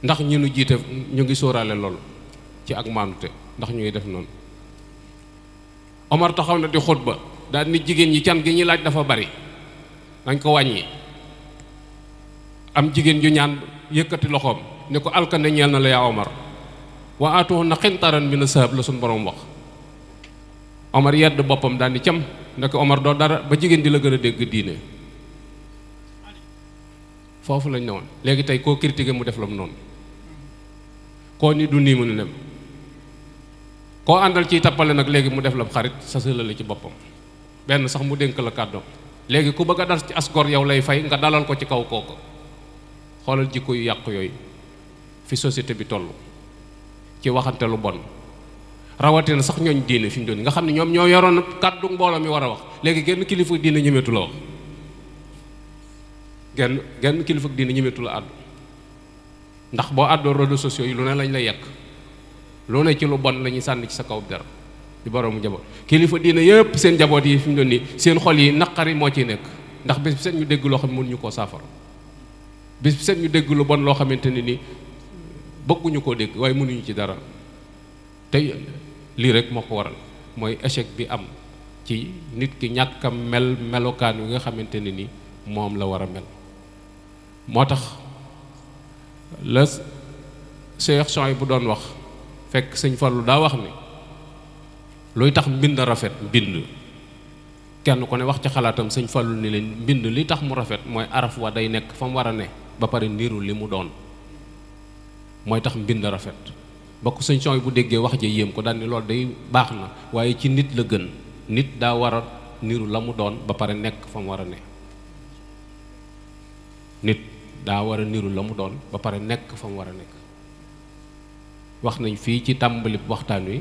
ndax ñu nu jiite ñu ngi sóoraale lool ci ak maanute ndax ñuy def noonu Omar taxaw na di ba daal ni jigéen ñi can gi ñuy laaj dafa bari dañ ko wàññi am jigéen ju ñaan yëkkati loxoom ni ko alkande ñeel na la yaa Omar waa aatoo na xintaran bi na sahab la suñu borom wax Omar yedd boppam daal ni cam ndeke Omar doo dara ba jigéen di la gën a dégg diine foofu lañ ne léegi tey koo critiqué mu def la mu noonu koo ni du nii mu ne koo àndal ciy tappale nag léegi mu def la xarit sasala la ci boppam benn sax mu dénk la kàddoo léegi ku bëgg a dar ci asgor yow lay fay nga dalal ko ci kaw kooku xoolal jikko yu yàqu yooyu fi société bi toll ci waxante lu bon rawatina sax ñooñ diine fi mu doon yi nga xam ne ñoom ñoo yoroon kàddu mbooloo mi war a wax léegi génn kilifa diine ñemeetu la wax genn genn kilifa diine ñemeetu la àddu ndax boo àddoo réseaux sociaux yi lu ne lañ lay yekk lu ne ci lu bon la ñuy sànni ci sa kaw dara di boroomu njaboot kilifa diine yëpp seen njaboot yi fi mu doon nii seen xol yi naqari moo ciy nekk ndax bés bu set ñu dégg koo saafara bés bu set ñu lu bon loo xamante ne nii bëgguñu koo dégg waaye mënuñu ci dara tey lii rek moo ko waral mooy échec bi am ci nit ki ñàkkam mel melokaan wi nga xamante ne ni moom la war a mel moo tax la Cheikh yi bu doon wax fekk sëñ Fallu daa wax ni luy tax mbind rafet mbind kenn ku ne wax ci xalaatam sëñ Fallu ni leen mbind li tax mu rafet mooy araf wa day nekk fa mu war a ne ba pare ndiiru li mu doon mooy tax mbind rafet bokk ko sëñ Sooy bu déggee wax ja yéem ko daal lool loolu day baax na waaye ci nit la gën nit daa war a niru la mu doon ba pare nekk fa mu war a ne nit daa war a niiru la mu doon ba pare nekk fa mu war a nekk wax nañ fii ci tàmbali waxtaan wi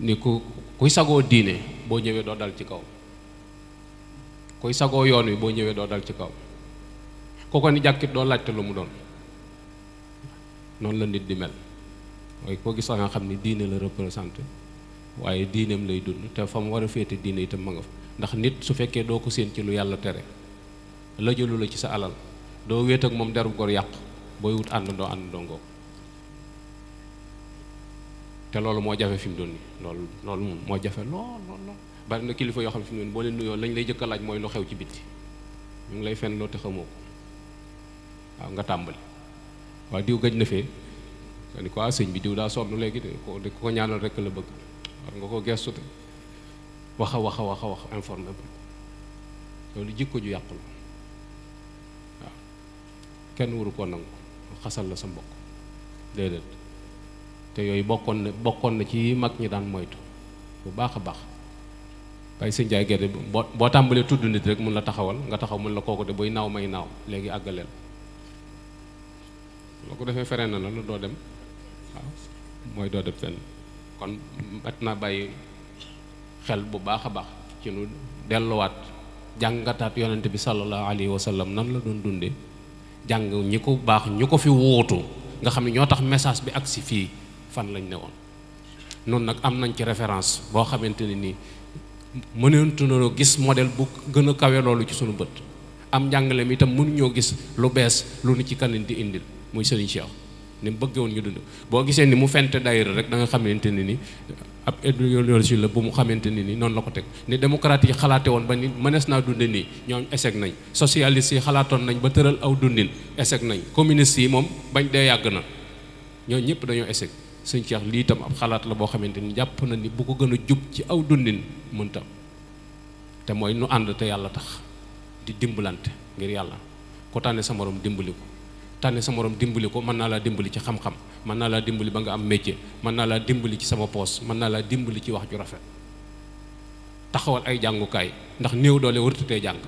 ni ku kuy sagoo diine boo ñëwee doo dal ci kaw kuy sagoo yoon wi boo ñëwee doo dal ci kaw ku ko ni jàkkit doo laajte lu mu doon noonu la nit di mel mooy koo gis nga xam ni diine la représenté waaye diineem lay dund te fa mu war a féete diine itam ma nga fa ndax nit su fekkee doo ko séen ci lu yàlla tere la jëlu la ci sa alal doo wéet ak moom deru gor yàq booy wut ànd doo ànd doo te loolu moo jafe fi mu doon nii loolu loolu moo jafe lool lool bari na kilifa yoo xam ne fi mu boo leen nuyoo lañ lay jëkk a laaj mooy lu xew ci bitti ñu ngi lay fen loo te xamoo nga tàmbali waaw diw gëj na fee ko ah, sëñ bi diw daa sonn léegi de ko de ko ñaanal rekk la bëgg nga ko gestu te wax a wax a wax a wax informé ba jikko ju yàqu waaw kenn waru koo nangu xasal la sa mbokk déedéet. te yooyu bokkoon na bokkoon na ci mag ñi daan moytu bu baax a baax bay sëñ Njaay Gedde boo boo tàmbalee tudd nit rek mun la taxawal nga taxaw mun la kooku de buy naaw may naaw léegi àggaleel loo ko defee feree na la doo dem waaw mooy doo dem fenn kon bat na bàyyi xel bu baax a baax ci nu delluwaat jàngataat yonent bi sallallahu alayhi wa sallam nan la doon dundee jàng ñi ko baax ñu ko fi wóotu nga xam ne ñoo tax message bi agsi fii fan lañu ne woon noonu nag am nañ ci référence boo xamante ne nii mëneentu nañoo gis modèle bu gën a kawe loolu ci sunu bët am njàngale mi itam mënuñoo gis lu bees lu nu ci kanin di indil muy Serigne aw ni mu bëggee woon ñu dund boo gisee ni mu fente daayira rek da nga xamante ne ni ab idéologie la bu mu xamante ne ni noonu la ko teg ni démocrate yi xalaate woon ba ni mënees naa dunde nii ñoom échec nañ socialiste yi xalaatoon nañ ba tëral aw dundin échec nañ communiste yi moom bañ dee yàgg na ñoo ñëpp dañoo échec sëñ Cheikh lii tam ab xalaat la boo xamante ni jàpp na ni bu ko gën a jub ci aw dundin mënta te mooy nu ànd te yàlla tax di dimbalante ngir yàlla ku tànne sa moroom dimbali ko tànne sa moroom dimbali ko mën naa laa dimbali ci xam-xam mën naa laa dimbali ba nga am métier mën naa laa dimbali ci sama poos mën naa laa dimbali ci wax ju rafet taxawal ay jàngukaay ndax néew doole wërtatee jàng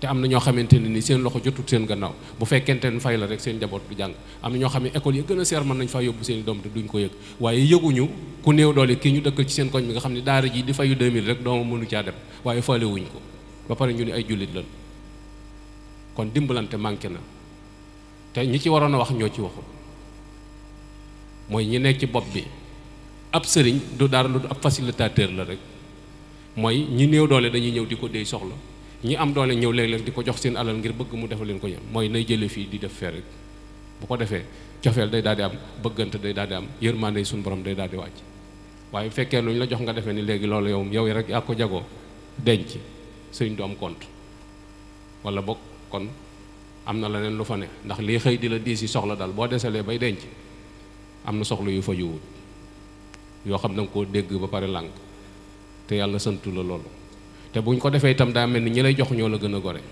te am na ñoo xamante ne ni seen loxo jotut seen gannaaw bu fekkente ne fay la rek seen njaboot bu jàng am na ñoo xam ne école yi gën a seer mën nañ faa yóbbu seen i doom te duñ ko yëg waaye yëguñu ku néew doole ki ñu dëkkal ci seen koñ bi nga xam ne daara ji di fayu 2000 rek dooma mënu caa dem waaye faale ko ba pare ñu ne ay jullit lan kon dimbalante manqué na te ñi ci waroon a wax ñoo ci waxul mooy ñi nekk ci bopp bi ab sëriñ du dara lu ab facilitateur la rek mooy ñi néew doole dañuy ñëw di ko dey soxla ñi am doole ñëw léeg-léeg di ko jox seen alal ngir bëgg mu defal leen ko ñam mooy nay jële fii di def fee rek bu ko defee cofeel day daal di am bëggante day daal di am yërmande suñu borom day daal di wàcc waaye bu fekkee lu ñu la jox nga defee ni léegi loolu yow yow rek yaa ko jagoo denc sëñ du am compte wala boog kon am na leneen lu fa ne ndax lii xëy di la diis yi soxla daal boo desalee bay denc am na soxla yu fa yuwut yoo xam da koo dégg ba pare lànk te yàlla santu la loolu te buñ ko defee itam daa mel ni ñi lay jox ñoo la gën a gore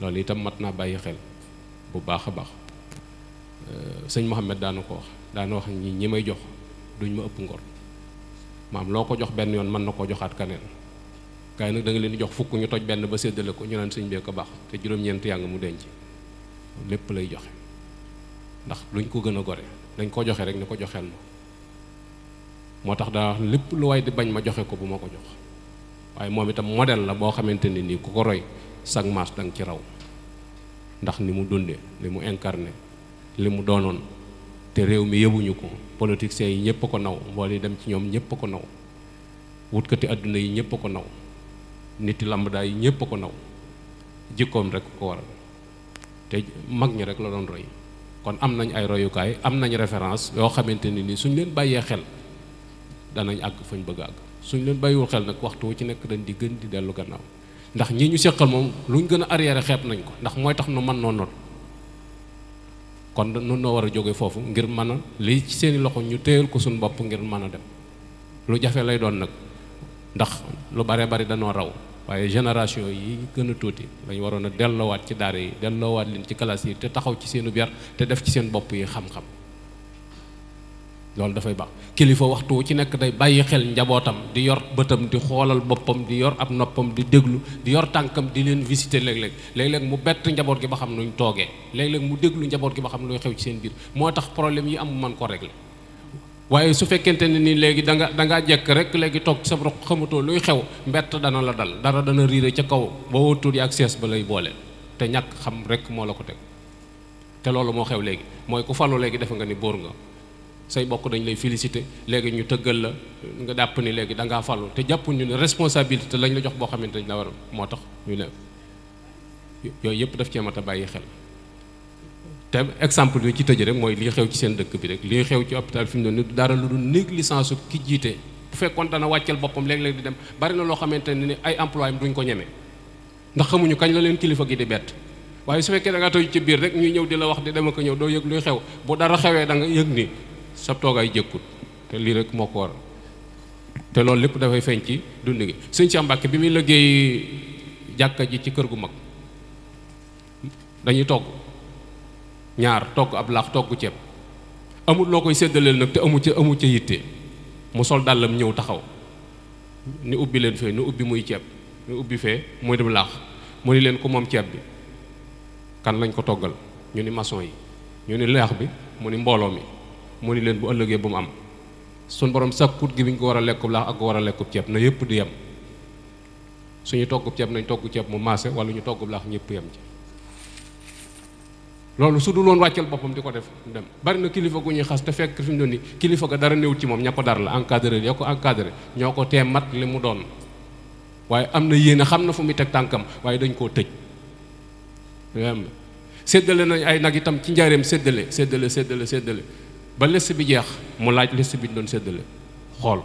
loolu itam mat naa bàyyi xel bu baax a baax euh, sëñ Mouhamed daana ko wax daana wax ñii ñi may jox duñ ma ëpp ngor maam loo ko jox benn yoon mën na koo joxaat kaneen gars yi nag da leen di jox fukk ñu toj benn ba séddale ko ñu naan sëñ bee ko baax te juróom-ñeent yaa nga mu denc lépp lay joxe ndax luñ ko gën a gore dañ ko joxe rek ni ko joxeel ma moo tax daa wax lépp lu waay di bañ ma joxe ko bu ma ko jox waaye moom itam modèle la boo xamante ne nii ku ko roy sag maas da nga ci raw ndax ni mu dunde li mu incarné li mu doonoon te réew mi yëbuñu ko politiciens yi ñëpp ko naw mbool yi dem ci ñoom ñëpp ko naw wutkati àdduna yi ñëpp ko naw niti lambda yi ñëpp ko naw jikkoom rek ko waral te mag ñi rek la doon roy kon am nañ ay royukaay am nañu référence yoo xamante ne ni suñ leen bàyyee xel danañ àgg fañ bëgg àgg suñ leen bàyyiwul xel nag waxtu ci nekk dañ di gën di dellu gannaaw ndax ñii ñu seqal moom lu ñu gën a arrière xeeb nañ ko ndax mooy tax nu mën noo not kon nun noo war a jóge foofu ngir mën a lii ci seeni loxo ñu téyal ko suñu bopp ngir mën a dem lu jafe lay doon nag ndax lu bare bari danoo raw waaye génération yi gën a tuuti lañu waroon a delloowaat ci daara yi delloowaat leen ci classe yi te taxaw ci seenu biir te def ci seen bopp yi xam-xam loolu dafay baax kilifa waxtu wu ci nekk day bàyyi xel njabootam di yor bëtam di xoolal boppam di yor ab noppam di déglu di yor tànkam di leen visité léeg-léeg léeg mu bett njaboot gi ba xam nuñ toogee léeg mu déglu njaboot gi ba xam luy xew ci seen biir moo tax problème yi am man ko régler waaye su fekkente ne ni léegi da nga da ngaa jekk rek léegi toog sa roq xamatoo luy xew mbett dana la dal dara dana riire ca kaw ba wóotul yi ak sees ba lay boole te ñàkk xam rek moo la ko teg te loolu moo xew léegi mooy ku falu léegi defe nga ni bóor nga say bokk dañ lay félicité léegi ñu tëggal la nga dàpp ni léegi dangaa ngaa te jàppu ñu ne responsabilité lañ la jox boo xamante dañ la war moo tax ñu ne yooyu yëpp daf cee mat a bàyyi xel te exemple bi ci tëj rek mooy lii xew ci seen dëkk bi rek lii xew ci hôpital fi mu ne nit dara lu dul négligence ki jiite bu fekkoon dana wàcceel boppam léeg-léeg di dem bari na loo xamante ne ni ay employé duñ ko ñeme ndax xamuñu kañ la leen kilifa gi di bett waaye su fekkee da nga tëj ci biir rek ñuy ñëw di la wax di dem ak ñëw doo yëg xew bu dara xewee da nga yëg ni sab toogaay jëkkut te lii rek moo ko waral te loolu lépp dafay feeñ ci dund gi sëñ Cheikh Mbacke bi muy liggéey jàkka ji ci kër gu mag dañuy togg ñaar togg ab laax togg ceeb amul loo koy séddaleel nag te amu ca amu ca yitte mu sol dàllam ñëw taxaw ni ubbi leen fee ni ubbi muy ceeb ni ubbi fee muy dem laax mu ni leen ku moom ceeb bi kan lañ ko toggal ñu ni maçon yi ñu ni laax bi mu ni mbooloo mi mu ni leen bu ëllëgee bu mu am suñ borom sàkkut gi bi ñu ko war a lekkub laax ak ko war a lekkub ceeb na yëpp di yem suñu toggub ceeb nañ togg ceeb mu maase walla ñu toggub laax ñëpp yem ci loolu su dul woon wàccal boppam di ko def dem bari na kilifa gu ñuy xas te fekk fi mu ne kilifa ga dara néewut ci moom ña ko dar la encadré ya ko encadré ñoo ko tee mat li mu doon waaye am na yéene xam na fu muy teg tànkam waaye dañ koo tëj séddale nañ ay nag itam ci njaareem séddale séddale séddale séddale ba liste bi jeex mu laaj liste bi ñu doon séddale xool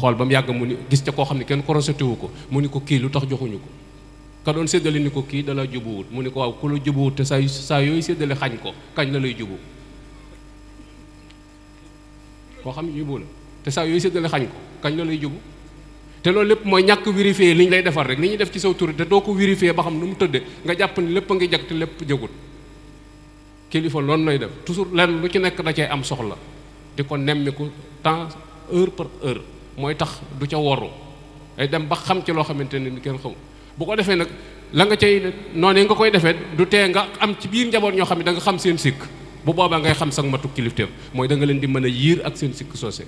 xool ba mu yàgg mu ni gis ca koo xam ne kenn korosete wu ko mu ni ko kii lu tax joxuñu ko ka doon séddale ko kii dala jubuwut mu ni ko waaw ku la jubuwut te saa saa yooyu séddale xañ ko kañ la lay jubu koo xam ne jubu la te saa yooyu séddale xañ ko kañ la lay jubu te loolu lépp mooy ñàkk vérifier li ñu lay defar rek li ñu def ci saw tur te doo ko vérifier ba xam nu mu tëdde nga jàpp ni lépp a ngi jag te lépp jagut kilifa loolu lay def toujours lenn lu ci nekk da cay am soxla di ko nemmiku temps heure par heure mooy tax du ca woru ay dem ba xam ci loo xamante ne ni kenn xaw bu ko defee nag la nga cay noonu nga koy defee du tee nga am ci biir njaboot ñoo xam ne da nga xam seen sikk bu boobaa ngay xam sax matu kilifteef mooy da nga leen di mën a yiir ak seen sikk soose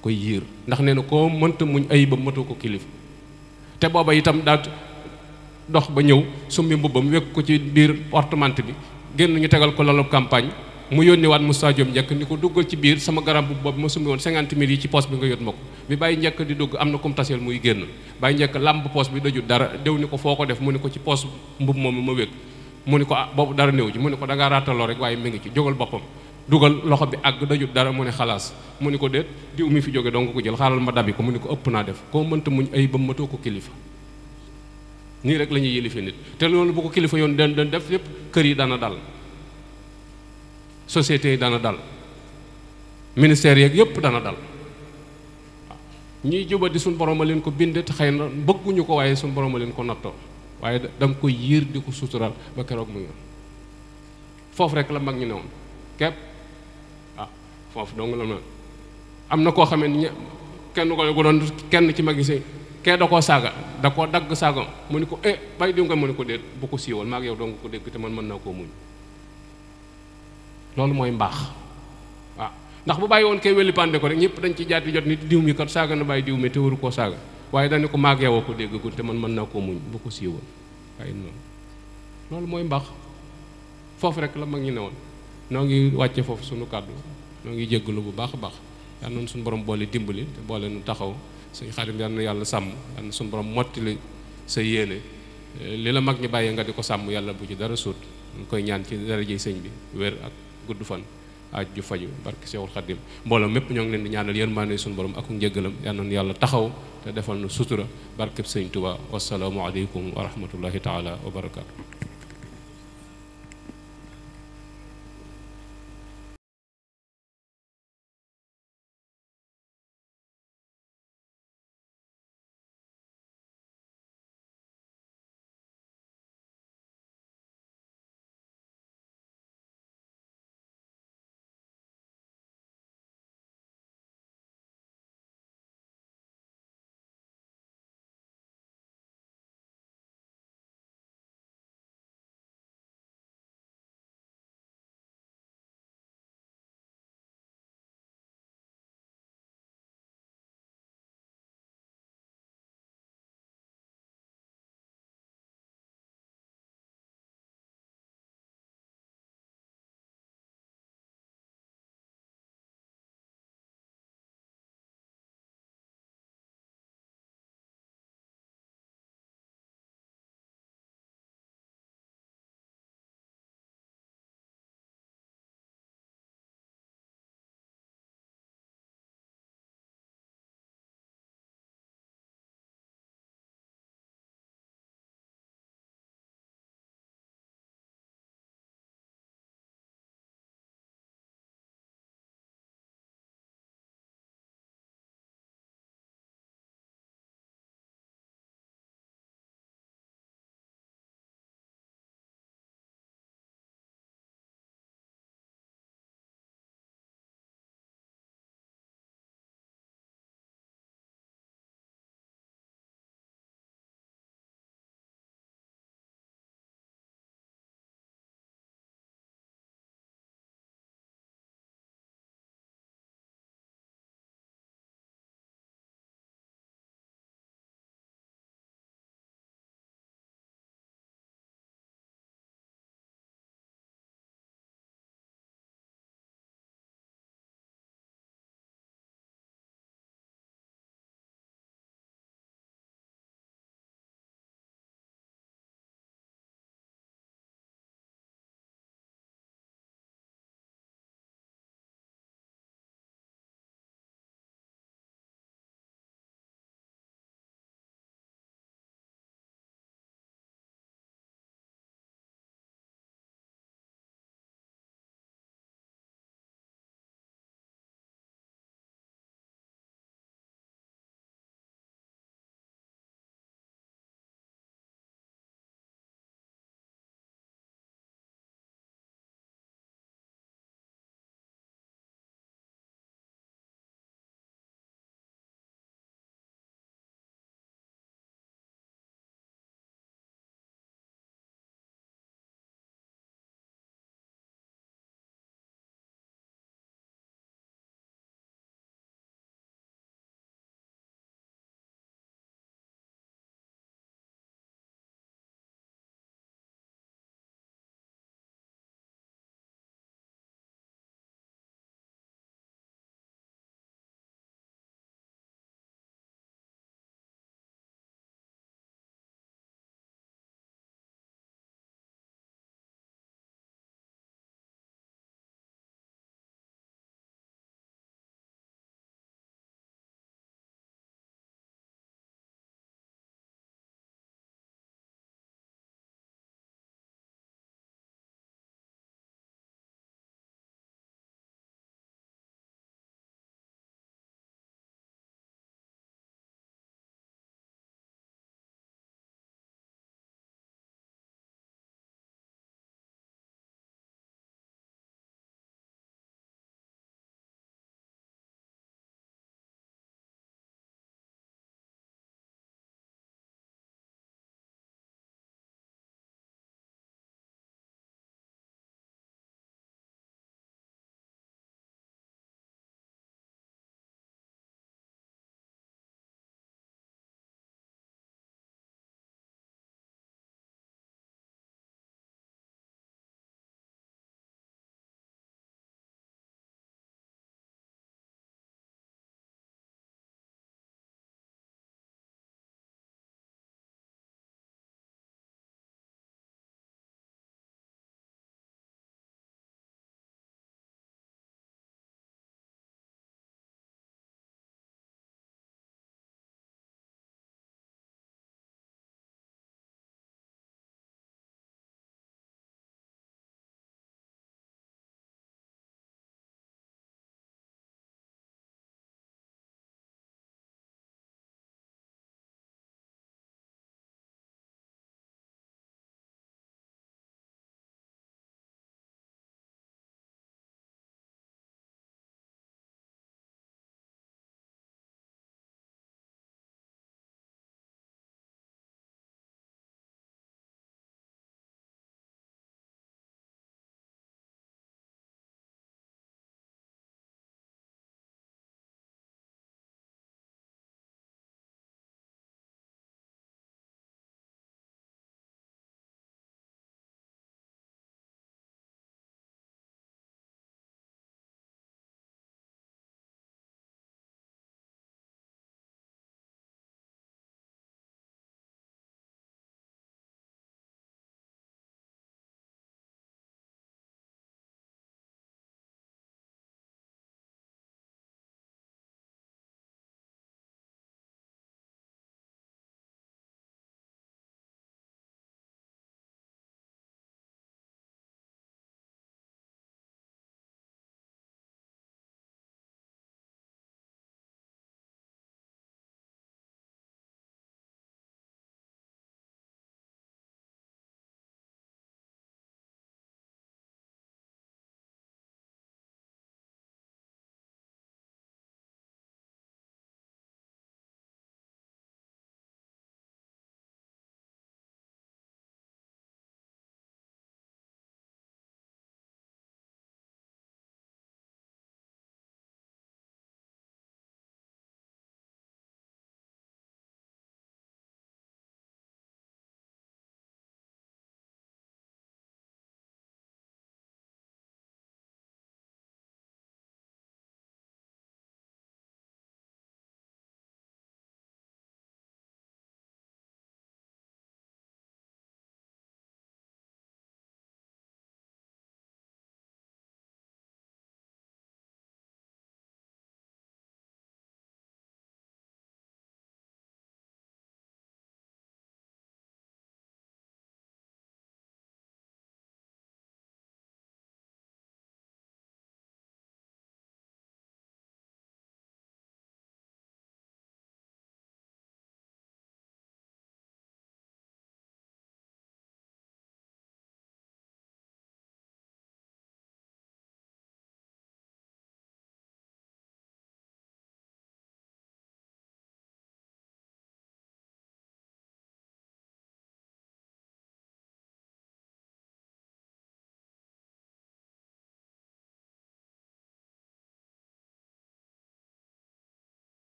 koy yiir ndax nee na koo mënta muñ ayibam matu ko kilifa te booba itam daal dox ba ñëw summi mbubbam wekk ko ci biir portement bi génn ñu tegal ko lalu campagne mu yónni waat Moussa Diop njëkk ni ko duggal ci biir sama garam bu boobu ma summi woon cinquante mille yi ci poos bi nga yót ma ko bi bàyyi njëkk di dugg am na kum taseel muy génn bàyyi njëkk làmb poos bi daju dara déw ni ko foo ko def mu ni ko ci poos mbub moom ma wékk mu ni ko ah boobu dara néew ci mu ni ko da raataloo rek waaye mi ngi ci jógal boppam dugal loxo bi ak dajut dara mu ne xalaas mu ni ko déet diw mi fi jóge donc ko jël xaaral ma dabi ko mu ni ko ëpp naa def koo mënta muñ ay ba matoo ko nii rek la ñuy yëlifee nit te loolu bu ko kilifa yoon dan dan def yépp kër yi dana dal sociétés yi dana dal ministères yeeg yépp dana dal ñiy jubati suñ borom a leen ko bind te xëy na bëgguñu ko waaye suñ borom a leen ko nattoo waaye da nga koy yiir di ko sutural ba keroog mu ñor foofu rek la mag ñu ne woon képp ah foofu dong la noonu am na koo xamee ni kenn ko doon kenn ci mag kee da ko saaga da koo dagg saaga mu ni ko eh bay diw nga mu ni ko déet bu ko siiwal maag yow dong ko dégg te man mën naa koo loolu mooy mbaax waaw ndax bu bàyyi woon kay weli ko rek ñëpp dañ ci jaati jot ni diw mi kat saaga na bàyyi diw mi te koo saaga waaye dañu ko maag yow ko déggagul te man mën naa koo muñ ko siiwal waaye noonu loolu mooy mbaax foofu rek la mag ñi ne woon noo ngi wàcce foofu sunu kàddu noo ngi jéggalu bu baax baax yàlla noonu suñu borom boole dimbali te boole nu taxaw sëñ Xaadim yal na yàlla sàmm yal na suñu motti mottali sa yéene li la mag ñu bàyyee nga di ko sàmm yàlla bu ci dara suut ñu koy ñaan ci darajey sëñ bi wér ak gudd fan aaj ju faju barke Seexul Xaadim mbooloo mépp ñoo ngi leen di ñaanal ne suñ borom ak njëggalam yal na yàlla taxaw te defal nu sutura barkeb sëñ Tuubaa wasalaamu aleykum wa rahmatullahi taala wa barakaatu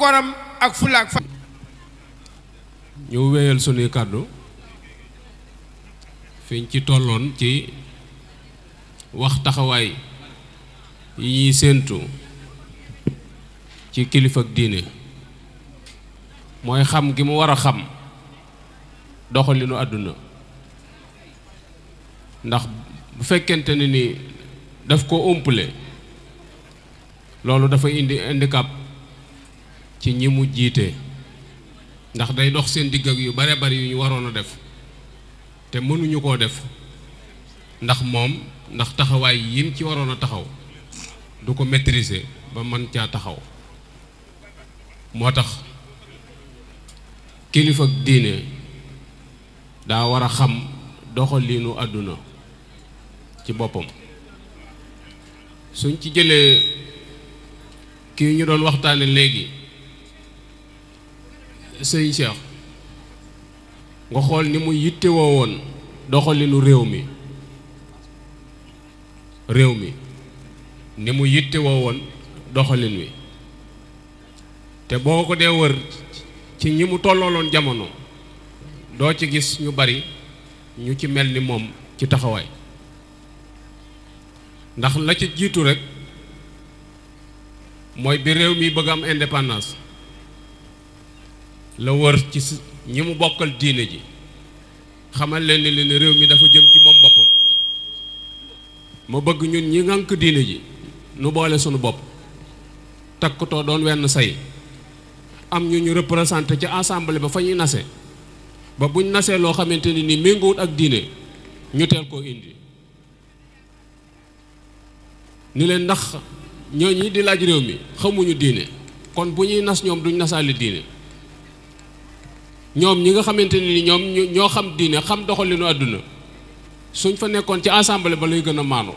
ngoram fulaak ñu wéyal sunuy kàddu fiñ ci tolloon ci wax taxawaay yi ñuy séentu ci kilifa ak diine mooy xam gi mu war a xam doxalinu àdduna ndax bu fekkente ne ni daf koo umpale loolu dafa indi handicap ci ñi mu jiite ndax day dox seen digg yu bare bari yu ñu waroon a def te mënuñu koo def ndax moom ndax taxawaay yim ci waroon a taxaw du ko maîtriser ba mën caa taxaw moo tax kilifa ak diine daa war a xam doxaliinu àdduna ci boppam suñ ci jëlee kii ñu doon waxtaane léegi sëñ Cheikh nga xool ni mu yittewoo woon doxalinu réew mi réew mi ni mu yittewoo woon doxalin wi te boo ko dee wër ci ñi mu tollooloon jamono doo ci gis ñu bari ñu ci mel ni moom ci taxawaay ndax la ci jiitu rek mooy bi réew mi bëgg am indépendance la wër ci ñi mu bokkal diine ji xamal leen ni leen réew mi dafa jëm ci moom boppam ma bëgg ñun ñi ngànk diine ji nu boole sunu bopp takkutoo doon wenn say am ñu ñu représenté ci assemblée ba fa ñuy nase ba buñ nasee loo xamante ni ni méngoowut ak diine ñu teel koo indi ni leen ndax ñoo ñi di laaj réew mi xamuñu diine kon bu ñuy nas ñoom duñ nasaali diine ñoom ñi nga xamante ni ñoom ñoo xam diine xam doxalinu àdduna suñ fa nekkoon ci assemblée ba lay gën a maanu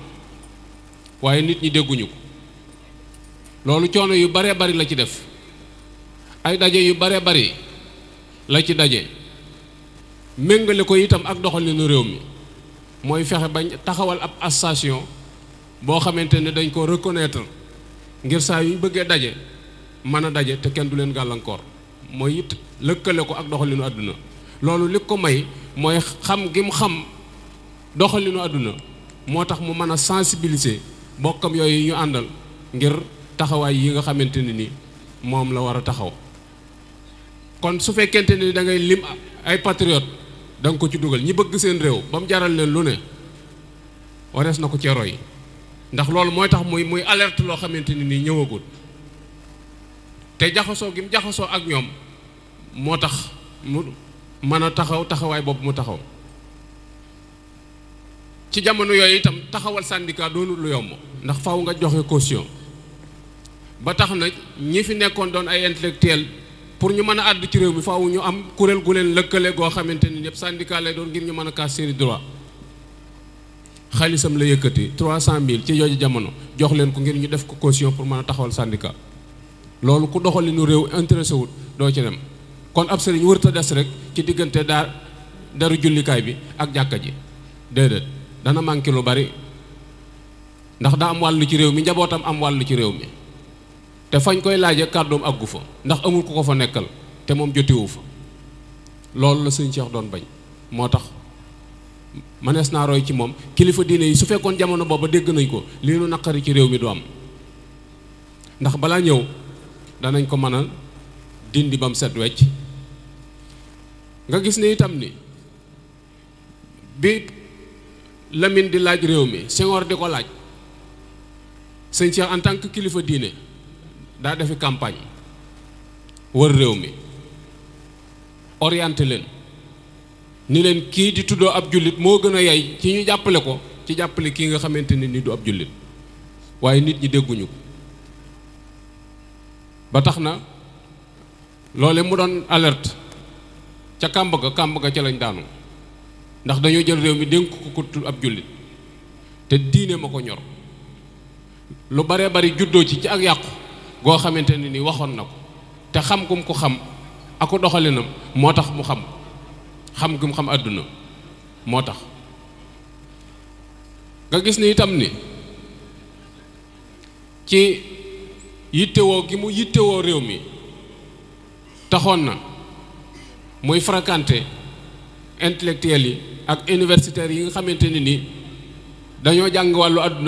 waaye nit ñi dégguñu ko loolu coono yu baree bari la ci def ay daje yu baree bari la ci daje méngale ko itam ak doxalinu réew mi mooy fexe bañ taxawal ab association boo xamante ne dañ ko reconnaître ngir saa yu ñu bëggee daje mën a daje te kenn du leen gàllankoor. mooy it lëkkale ko ak doxalinu àdduna loolu li ko may mooy xam gi mu xam doxalinu àdduna moo tax mu mën a sensibiliser bokkam yooyu ñu àndal ngir taxawaay yi nga xamante ne ni moom la war a taxaw kon su fekkente ni dangay ngay lim ay patriote da ko ci dugal ñi bëgg seen réew ba mu jaral leen lu ne warees na ko ci yi ndax loolu mooy tax muy muy alerte loo xamante ni nii ñëwagul te jaxasoo gi mu jaxasoo ak ñoom moo tax mu mën a taxaw taxawaay boobu mu taxaw ci jamono yooyu itam taxawal syndicat doonul lu yomb ndax faw nga joxe caution ba tax na ñi fi nekkoon doon ay intellectuel pour ñu mën a àdd ci réew mi faaw ñu am kuréel gu leen lëkkale goo xamante ni ñëpp syndicat lay doon ngir ñu mën a kaas seeni droit xaalisam la yëkkati 300000 ci yooju jamono jox leen ko ngir ñu def ko caution pour mën a taxawal syndicat loolu ku doxalinu réew intéressé wut doo ci dem kon ab sëriñ wërta des rek ci diggante daa daru jullikaay bi ak jàkka ji déedéet dana manqué lu bari ndax daa am wàllu ci réew mi njabootam am wàllu ci réew mi te fañ koy laaje kàddoom àggu fa ndax amul ku ko fa nekkal te moom jotiwu fa loolu la sëñ Cheikh doon bañ moo tax mënees naa roy ci moom kilifa diine yi su fekkoon jamono booba dégg nañ ko lii nu naqari ci réew mi du am ndax balaa ñëw danañ ko mën a dindi ba mu set wecc nga gis ni itam ni bi Lamine di laaj réew mi Senghor di ko laaj sëñ Cheikh en tant que kilifa diine daa defi campagne wër réew mi orienté leen ni leen kii di tuddoo ab jullit moo gën a yay ci ñu jàppale ko ci jàppale kii nga xamante ne ni du ab jullit waaye nit ñi dégguñu ko ba tax na loole mu doon alerte ca kàmb ga kàmb ga ca lañ daanu ndax dañoo jël réew mi dénk ko ku ab jullit te diine ma ko ñor lu baree bari juddoo ci ci ak yàqu goo xamante ne ni waxoon na ko te xam kum ko xam aku doxalinam moo tax mu xam xam gum xam àdduna moo tax nga gis ni itam ni ci yittewoo gi mu yittewoo réew mi taxoon na muy fréquenté intellectuels yi ak universitaires yi nga xamante ne ni dañoo jàng wàllu àdduna